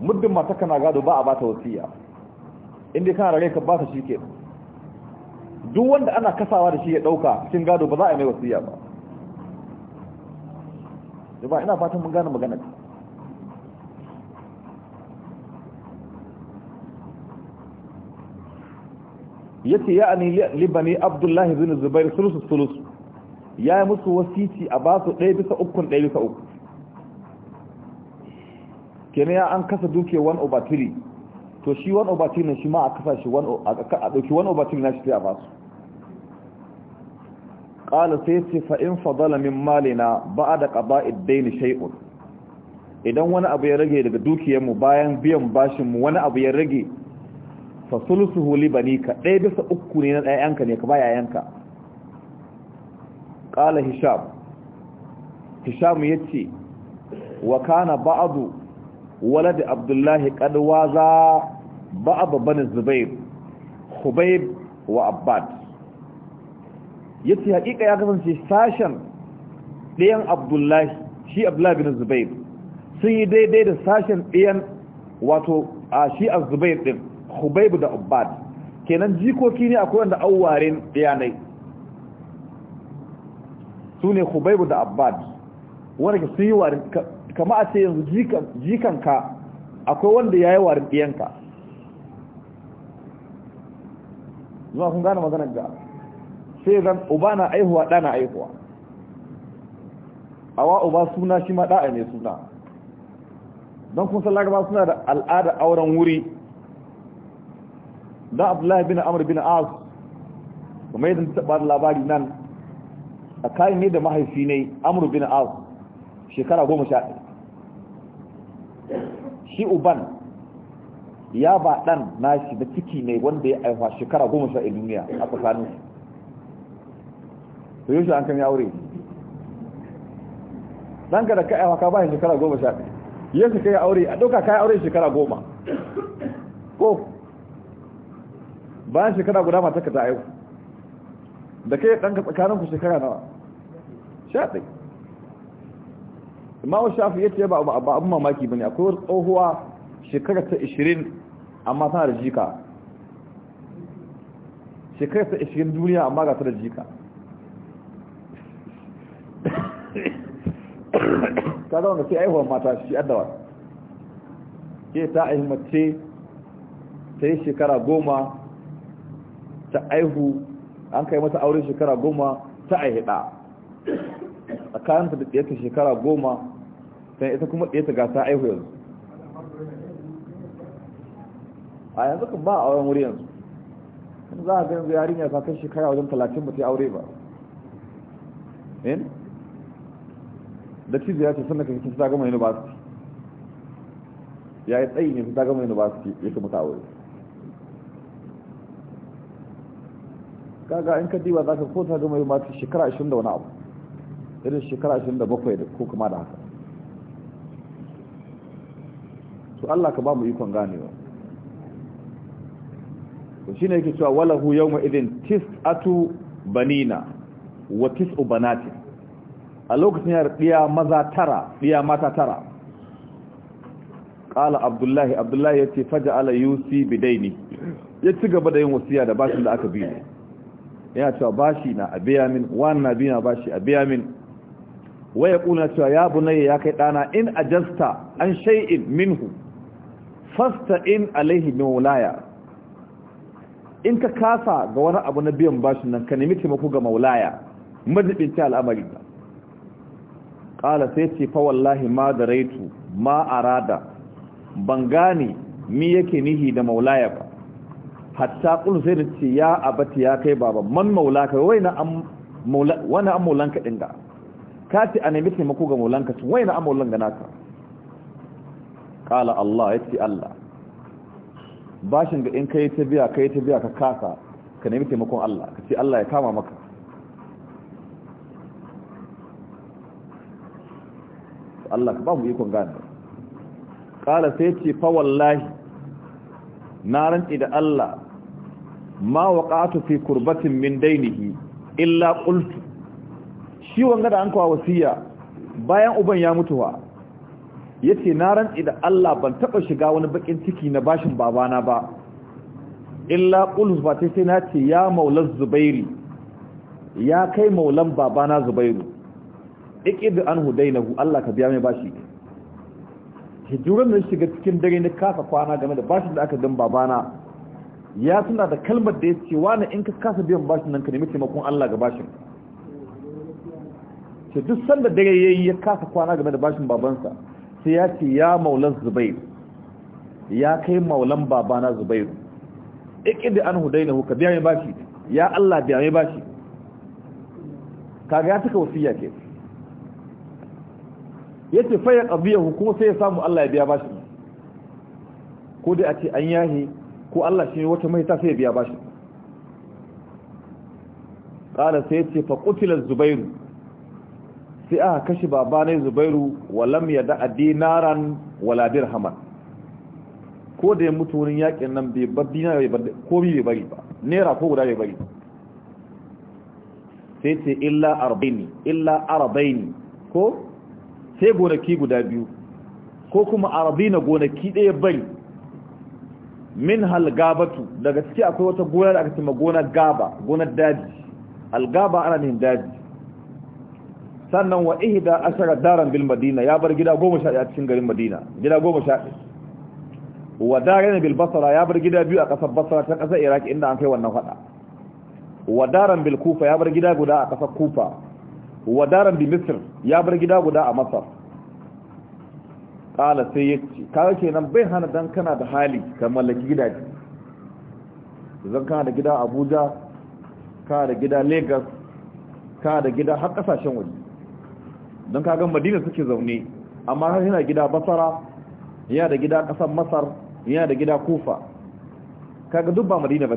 muddin mata kana gado ba a ba ta wasiya inda kana rage ka ba ta shi ke duk wanda ana kasawa da shi ya ɗauka cikin gado ba za a yi mai wasiya ba ba ina fatan mun gane magana yace ya'ani li bani abdullahi bin zubair sulusu sulusu ya yi musu wasici a ba su ɗaya bisa ukun ɗaya bisa uku kene ya an kasa duke 1 over 3 to shi 1 over 3 ne shi ma a kasa shi 1 a ɗauki 1 over 3 na shi a ba su ƙala sai ce fa'in fadala min malina ba a da ƙaba iddaini shai'un idan wani abu ya rage daga dukiyarmu bayan biyan bashinmu wani abu ya rage fa sulusuhu li ka dai bisa uku ne na ɗayanka ne ka ba yayanka qala hisham hisham yace wa kana ba'du walad abdullah qad waza ba'd bani zubayr khubayb wa abbad yace hakika ya kasance sashen ɗayan abdullah shi abdullah bin zubayr sun yi daidai da sashen ɗayan wato a shi az zubayr din hubaibu da ubad kenan jikoki ne akwai wanda auwarin yanai su ne hubaibu da ubad wanda ka sun yi warin kama a ce yanzu jikanka akwai wanda ya yi warin ɗiyanka zuwa kun gane maganar da sai zan uba na aihuwa ɗa na aihuwa awa uba suna shi ma ɗa'a ne suna don kun sallar ba suna da al'ada auren wuri da abdullahi bin amur bin az kuma yadda ta bada labari nan a kayan ne da mahaifi ne amur bin az shekara goma sha shi uban ya ba dan nashi da ciki ne wanda ya aifa shekara goma sha a duniya a tsakanin to yau shi an kan ya aure ɗanka da ka aifa ka ba shekara goma sha yau ka yi aure a ɗauka ka yi aure shekara goma ko bayan shekara guda ka ta aihu da kai tsakanin tsakaninku shekara nawa shaɗi ɗai imamu shafi ya ce ba abin mamaki ba ne akwai wata tsohuwa shekara ta 20 amma tana da jika shekara ta 20 duniya amma ga ta da jika ta zama da sai aihuwar mata shi adawa ke ta aihimace ta yi shekara goma ta aihu an kai mata aure shekara goma ta aihe a kayanta da ɗiyata shekara goma sai ita kuma ɗiyata ga ta aihu yanzu a yanzu kan ba a auren wuri yanzu za a ganin yarin ta kai shekara wajen talatin ba ta aure ba in da cizo ya ce sannan ka fita ta gama university ya yi tsayi ne fita gama university ya kuma ta aure kaga in ka diba za ka ta gama mai mata shekara 20 da wani abu irin shekara 27 da ko kuma da haka to Allah ka ba mu ikon ganewa to shine yake cewa walahu yawma idin tis'atu banina wa tis'u banati a lokacin ya riya maza tara riya mata tara qala abdullahi abdullahi yace faja'ala yusi bidaini ya ci gaba da yin wasiya da bashin da aka biye yana cewa bashi na a biya min wani biya bashi a biya min wa ya kuna cewa ya bunaye ya kai ɗana in ajasta an shay'in minhu fasta in alaihi min wulaya in ka kasa ga wani abu na biyan bashi nan ka nemi taimako ga maulaya madadin ta al'amari ba ƙala sai ce fa wallahi ma da raitu ma arada ban gane mi yake nihi da maulaya ba hatta qul sai da ce ya abati ya kai baba man maulaka wai na am maula wani am maulanka ka dinga ka ce a nemi taimako ga maulanka tun wai na am maulan ga naka kala Allah yace Allah bashin da in kai ta biya kai ta biya ka kasa ka nemi taimakon Allah ka ce Allah ya kama maka Allah ka ba mu ikon gane kala sai ce fa wallahi na rantsi da Allah ma waqatu fi kurbatin min dainihi illa qultu shi wanga da an kawo wasiya bayan uban ya mutuwa yace na rantsi da Allah ban taba shiga wani bakin ciki na bashin babana ba illa qultu ba sai na ce ya maula zubairi ya kai maulan babana zubairu iqid anhu dainahu Allah ka biya mai bashi hijuran da shiga cikin dare na kafa kwana game da bashin da aka dan babana ya suna da kalmar da ya ce wani in ka kasa biyan bashin nan ka nemi taimakon Allah ga bashin ce duk sanda dare ya yi ya kasa kwana game da bashin babansa sai ya ce ya maulan Zubairu. ya kai maulan babana zubairu da an na ka biya mai bashi ya Allah biya mai bashi kaga ya wasu iya ke yace fa ya qabiyahu kuma sai ya samu Allah ya biya bashi ko dai a ce an yahi ko Allah shi wata mahita sai biya ba shi qala sai ce fa qutila zubairu sai aka kashe babane zubairu walam yada dinaran wala dirhaman ko da ya mutu wurin yakin nan bai bar dinar bai bar komai bai bari ba naira ko guda bai bari sai ce illa arba'ini illa arba'ini ko sai gonaki guda biyu ko kuma arba'ina gonaki ɗaya bari min halgabatu daga ciki akwai wata gona da aka ce magona gaba gonar daji algaba ana nin daji sannan wa ihda ashara daran bil madina ya bar gida goma sha'i a cikin garin madina gida goma sha'i. wa daran bil basra ya bar gida biyu a kasar basra ta kasar iraq inda an kai wannan fada wa daran bil kufa ya bar gida guda a kasar kufa wa daran bi misr ya bar gida guda a masar ƙala sai ya ce kawo nan bai hana don kana da hali ka mallaki gidaje zan kana da gida abuja kana da gida lagos kana da gida har kasashen waje don kagan madina suke zaune amma har yana gida basara yana da gida ƙasar masar yana da gida kufa kaga duk ba madina ba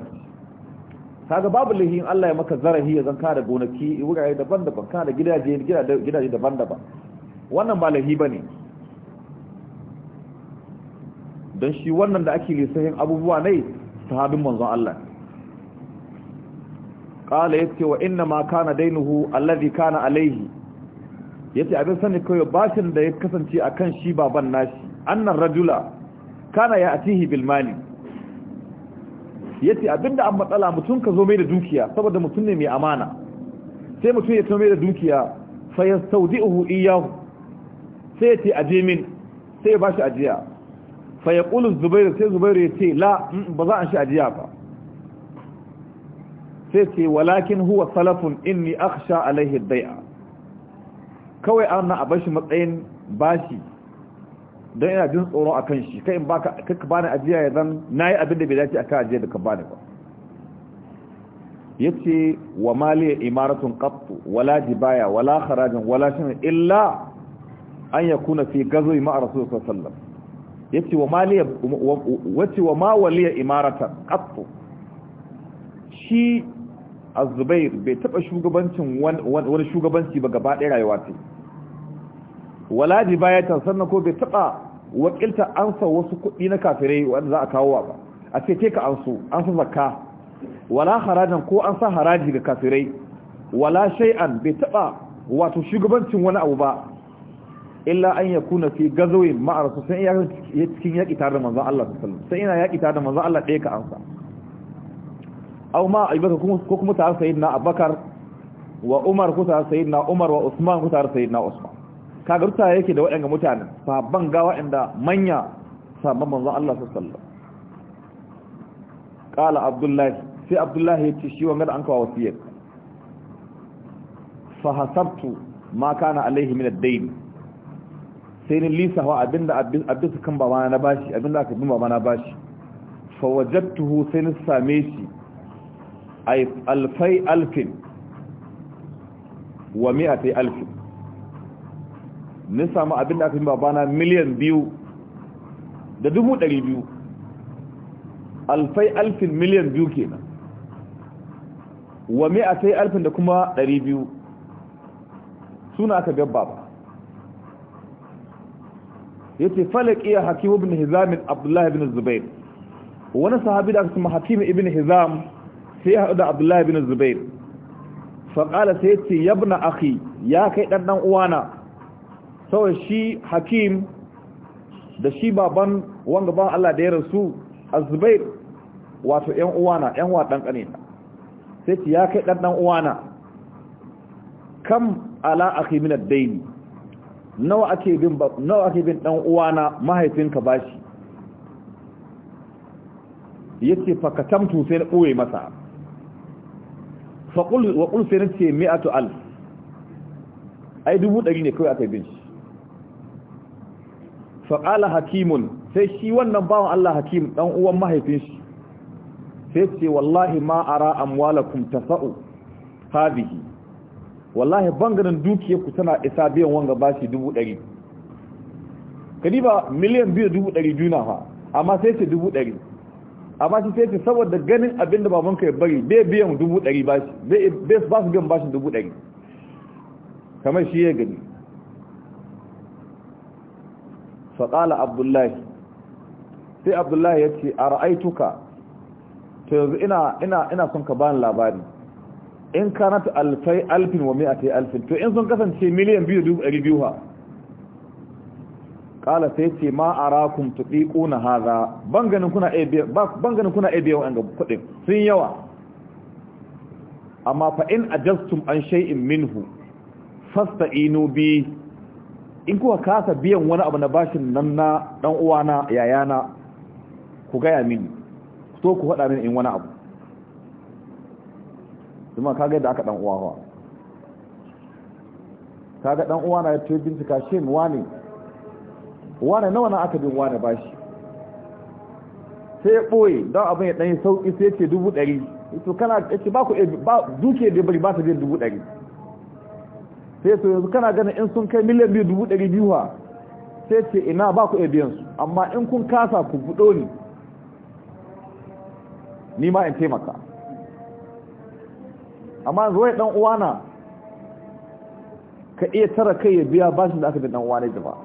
kaga babu lahin Allah ya maka zarahi ya zanka da gonaki wurare daban-daban kana da gidaje gidaje daban-daban wannan ba lahi ba ne. don shi wannan da ake lissahin abubuwa ne ta haɗin manzon Allah ya yace wa inna ma kana dainuhu alladhi kana alayhi ce abin sani kawai bashin da ya kasance a kan shi baban nashi annan rajula kana ya atihi ya ce abin abinda an matsala mutum ka zo mai da dukiya saboda mutum ne mai amana sai mutum ya tome da dukiya sau di'uhu iyahu, sai ya ce aje min sai ya bashi ajiya fa ya ƙulun zubairu sai zubairu ya ce la mm, ba za a shi ajiya ba sai ce walakin huwa salafun inni akhsha alaihi dai'a kawai ana a bashi matsayin bashi don ina jin tsoro a kan shi kai in baka kaka bani ajiya ya zan nayi abin da bai dace aka ajiya da ka bani ba yace wa maliya imaratun qattu wala jibaya wala harajin wala shin illa an yakuna fi gazwi ma'a rasul sallallahu alaihi wasallam yace wa maliya wace wa mawaliya imarata qattu shi az-zubair bai taba shugabancin wani shugabanci ba gaba ɗaya rayuwa ce wala jibayata sannan ko bai taba wakilta ansa wasu kuɗi na kafirai wanda za a kawo ba a ce ke ka ansu an zakka wala harajan ko an sa haraji ga kafirai wala shay'an bai taba wato shugabancin wani abu ba illa an yakuna fi gazawin ma'a sai ya cikin yaki tare da manzon Allah sallallahu alaihi wasallam sai ina yaki tare da manzon Allah ɗaya ka ansa aw ma aibaka kuma ko kuma ta sayyidina Abubakar wa Umar ko ta sayyidina Umar wa Usman ko ta sayyidina Usman kaga ruta yake da waɗanda mutanen sahabban ga waɗanda manya sahabban manzon Allah sallallahu alaihi wasallam qala Abdullah sai Abdullah ya ce shi wa da an kawo wasiyar fa hasabtu ma kana alaihi min ad-dayn sai ni lisawa abinda abin su kan babana na bashi abinda aka bin babana bashi fawajattuhu sai ni same shi alfai alfin wa mi'ati alfin ni samu abinda aka bin babana miliyan biyu da dubu ɗari biyu alfai alfin miliyan biyu kenan wa mi'ati alfin da kuma ɗari biyu suna aka gabba yace falaki ya hakim ibn hizam abdullah ibn zubair wani sahabi da kuma hakim ibn hizam sai ya da abdullah ibn zubair fa sai yace ya ibn akhi ya kai dan dan uwana sai shi hakim da shi baban wanga ban Allah da ya rasu A zubair wato ƴan uwana ƴan wa dan kanina sai ce ya kai dan dan uwana kam ala akhi min ad nawa ake bin nawa ake bin dan uwana mahaifinka bashi yace fa tamtu sai na boye masa fa qul wa qul sai nace 100000 ai dubu dari ne kawai aka bin shi fa qala hakimun sai shi wannan bawan Allah hakim dan uwan mahaifin shi sai ce wallahi ma ara amwalakum tafa'u hadhihi wallahi bangaren dukiyarku ku tana isa biyan wanga bashi dubu ɗari kadiba miliyan biyu dubu ɗari juna fa amma sai ce dubu ɗari amma shi sai ce saboda ganin abin da babanka ya bari bai biyan dubu ɗari bashi bai ba su biyan bashin dubu ɗari kamar shi ya gani faƙala abdullahi sai abdullahi ya ce a ra'aituka ta yanzu ina son ka bani labari in kanat alfai alfin wa mi'ati alfin to in sun kasance miliyan biyu dubu ɗari biyu ha kala sai ce ma arakum rakun hadha ƙuna ganin kuna aibe ban ganin kuna aibe biyan ga kudin sun yawa amma fa in ajastum an shay'in minhu fasta'inu bi in kuka kasa biyan wani abu na bashin nan na dan uwana yayana ku ga ya mini so ku haɗa mini in wani abu kuma kaga da aka dan uwa ka kaga dan uwa na yace bincika shin wani wani nawa na aka bin wani bashi sai ya boye don abin ya dan sauki sai ce dubu ɗari to kana yace ba ku ba duke da bari ba ta bin dubu ɗari sai to yanzu kana ganin in sun kai miliyan biyu dubu ɗari biyu ha sai ce ina ba ku biyan su amma in kun kasa ku buɗo ni ni ma in taimaka amma zuwa dan uwana ka iya tara kai ya biya bashin da aka bi dan uwana jama'a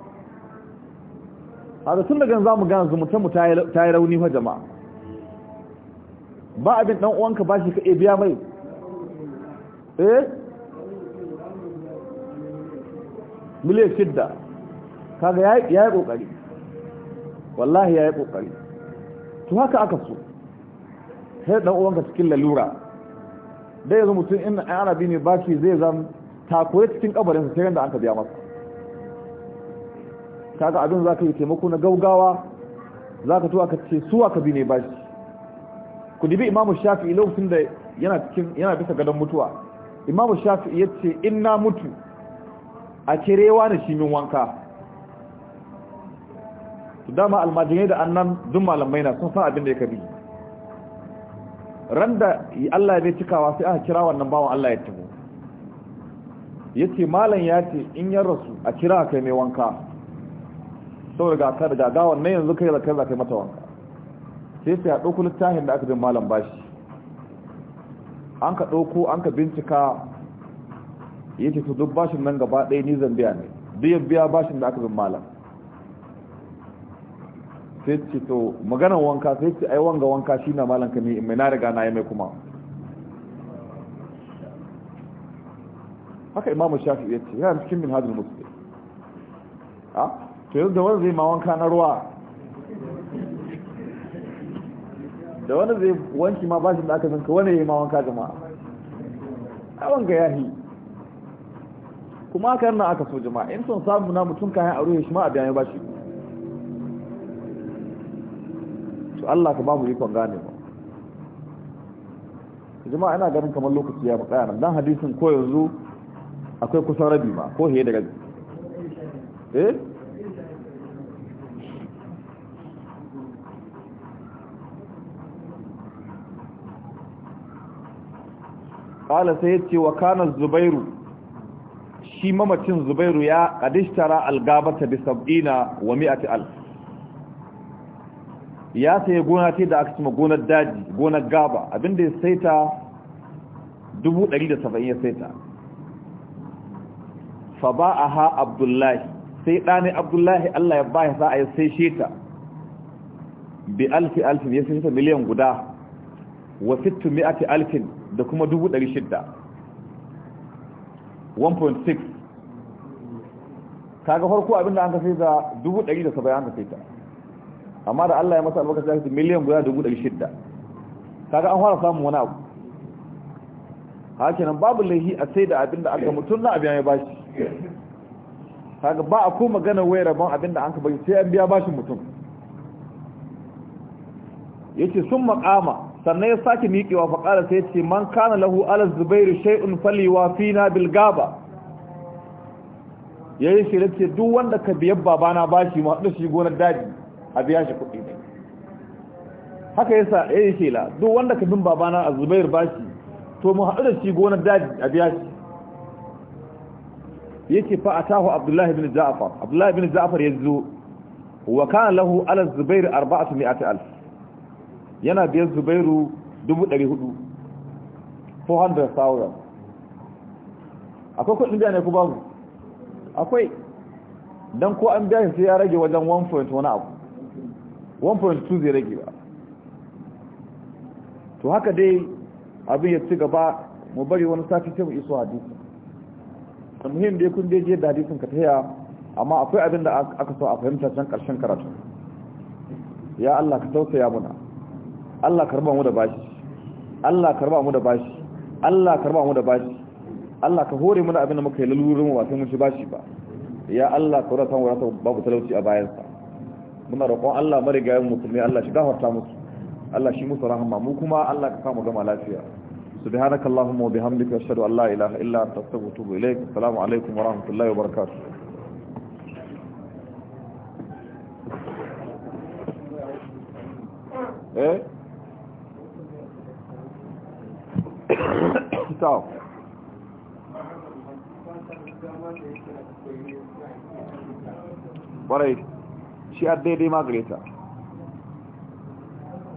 haka tun daga za mu gane zumunta mu ta yi rauni fa jama'a ba abin dan uwanka bashi ka iya biya mai eh miliyan shidda kaga ya yi kokari wallahi ya yi kokari to haka aka so sai dan uwanka cikin lalura dai yanzu mutum in an arabi ne baki zai zan takure cikin kabarinsa sai yadda an ka biya masa kaga abin za ka yi taimako na gaugawa za ka tuwa ka ce suwa ka bi ne ba shi ku dibi imamu shafi lokacin da yana bisa gadon mutuwa imamu shafi ya ce in na mutu a kirewa na shimin min wanka dama almajirai da annan dun malamai na sun san abin da ya kabi ran da Allah bai cikawa sai aka kira wannan bawan Allah ya tafi. ya ce malam ya ce in yar rasu a kira kai mai wanka sau daga ka daga gawan na yanzu kai za kai mata wanka sai sai a dauko littafin da aka bin malam bashi an ka ɗauko an ka bincika ya ce su duk bashin nan gaba ɗaya ni zan biya ne duk biya bashin da aka bin malam sai ce to maganan wanka sai ce ai wanga wanka shi na malanka ne mai na riga na yi mai kuma haka imamu shafi ya ce yana cikin min hajjin musulmi a to yanzu da wani zai ma wanka na ruwa da wani zai wanki ma bashin da aka zanka wani ya yi ma wanka jama'a a wanga ya yi kuma aka yana aka so jama'a in son samu na mutum kayan a ruhe shi ma a biyan ya bashi su Allah ka ba mu ikon gane ba jama'a ina ganin kamar lokaci ya bukaya nan dan hadisin ko yanzu akwai kusan rabi ma ko heye daga eh قال سيدتي وكان الزبير شي ممتين زبير يا kadishtara algabata bi sab'ina wa mi'ati ya sayi gona ce da aka cima gonar daji gonar gaba abinda ya saita 170 ya saita fa ba a ha abdullahi sai ɗane abdullahi allah ya baya za a yi sai sheta bi alfi alfin ya sai miliyan guda wa sittu mi'ati alfin da kuma 600 1.6 kaga farko abinda an ka sai da 170 an ka sai ta amma da Allah ya masa albarka sai miliyan guda dubu ɗari shidda kaga an fara samun wani abu hakinan babu laihi a sai da abinda aka mutum na abin ya bashi kaga ba a ko magana wai rabon abinda an ka bari sai an biya bashin mutum yace sun makama sannan ya sake miƙewa fa ƙara sai ce man kana lahu ala zubairu shay'un faliwa fina bil gaba yayi shi ce duk wanda ka biyar babana bashi ma da shi gonar daji a biya shi kuɗi ne haka yasa ya eh, yi shela duk wanda ka bin babana a zubair bashi to mu haɗu da shi gonar daji a biya shi ya ce fa a taho abdullahi bin ja'far abdullahi bin ja'far zo wa kana lahu ala zubair alf yana biyar zubairu dubu 400 400,000 akwai kudin biya ne ku babu akwai don ko an biya shi sai ya rage wajen 1.1 abu 1.2 zai rage ba to haka dai abin ya ci gaba mu bari wani sati sai mu iso hadisi muhim dai kun je da hadisin ka taya amma akwai abin da aka so a fahimta can karshen karatu ya Allah ka tausaya muna Allah karba mu da bashi Allah karba mu da bashi Allah karba mu da bashi Allah ka hore mana abin da muka yi lalurin wasan mun shi bashi ba ya Allah ka rasa mu rasa babu talauci a bayansa muna roƙon Allah marigayen musulmi Allah shi gafarta musu Allah shi musu rahama mu kuma Allah ka samu gama lafiya subhanaka allahumma wa bihamdika ashhadu an la ilaha illa anta astaghfiruka wa atubu ilaik assalamu alaikum wa rahmatullahi wa barakatuh eh tau [coughs] What are shi a daidai ma ta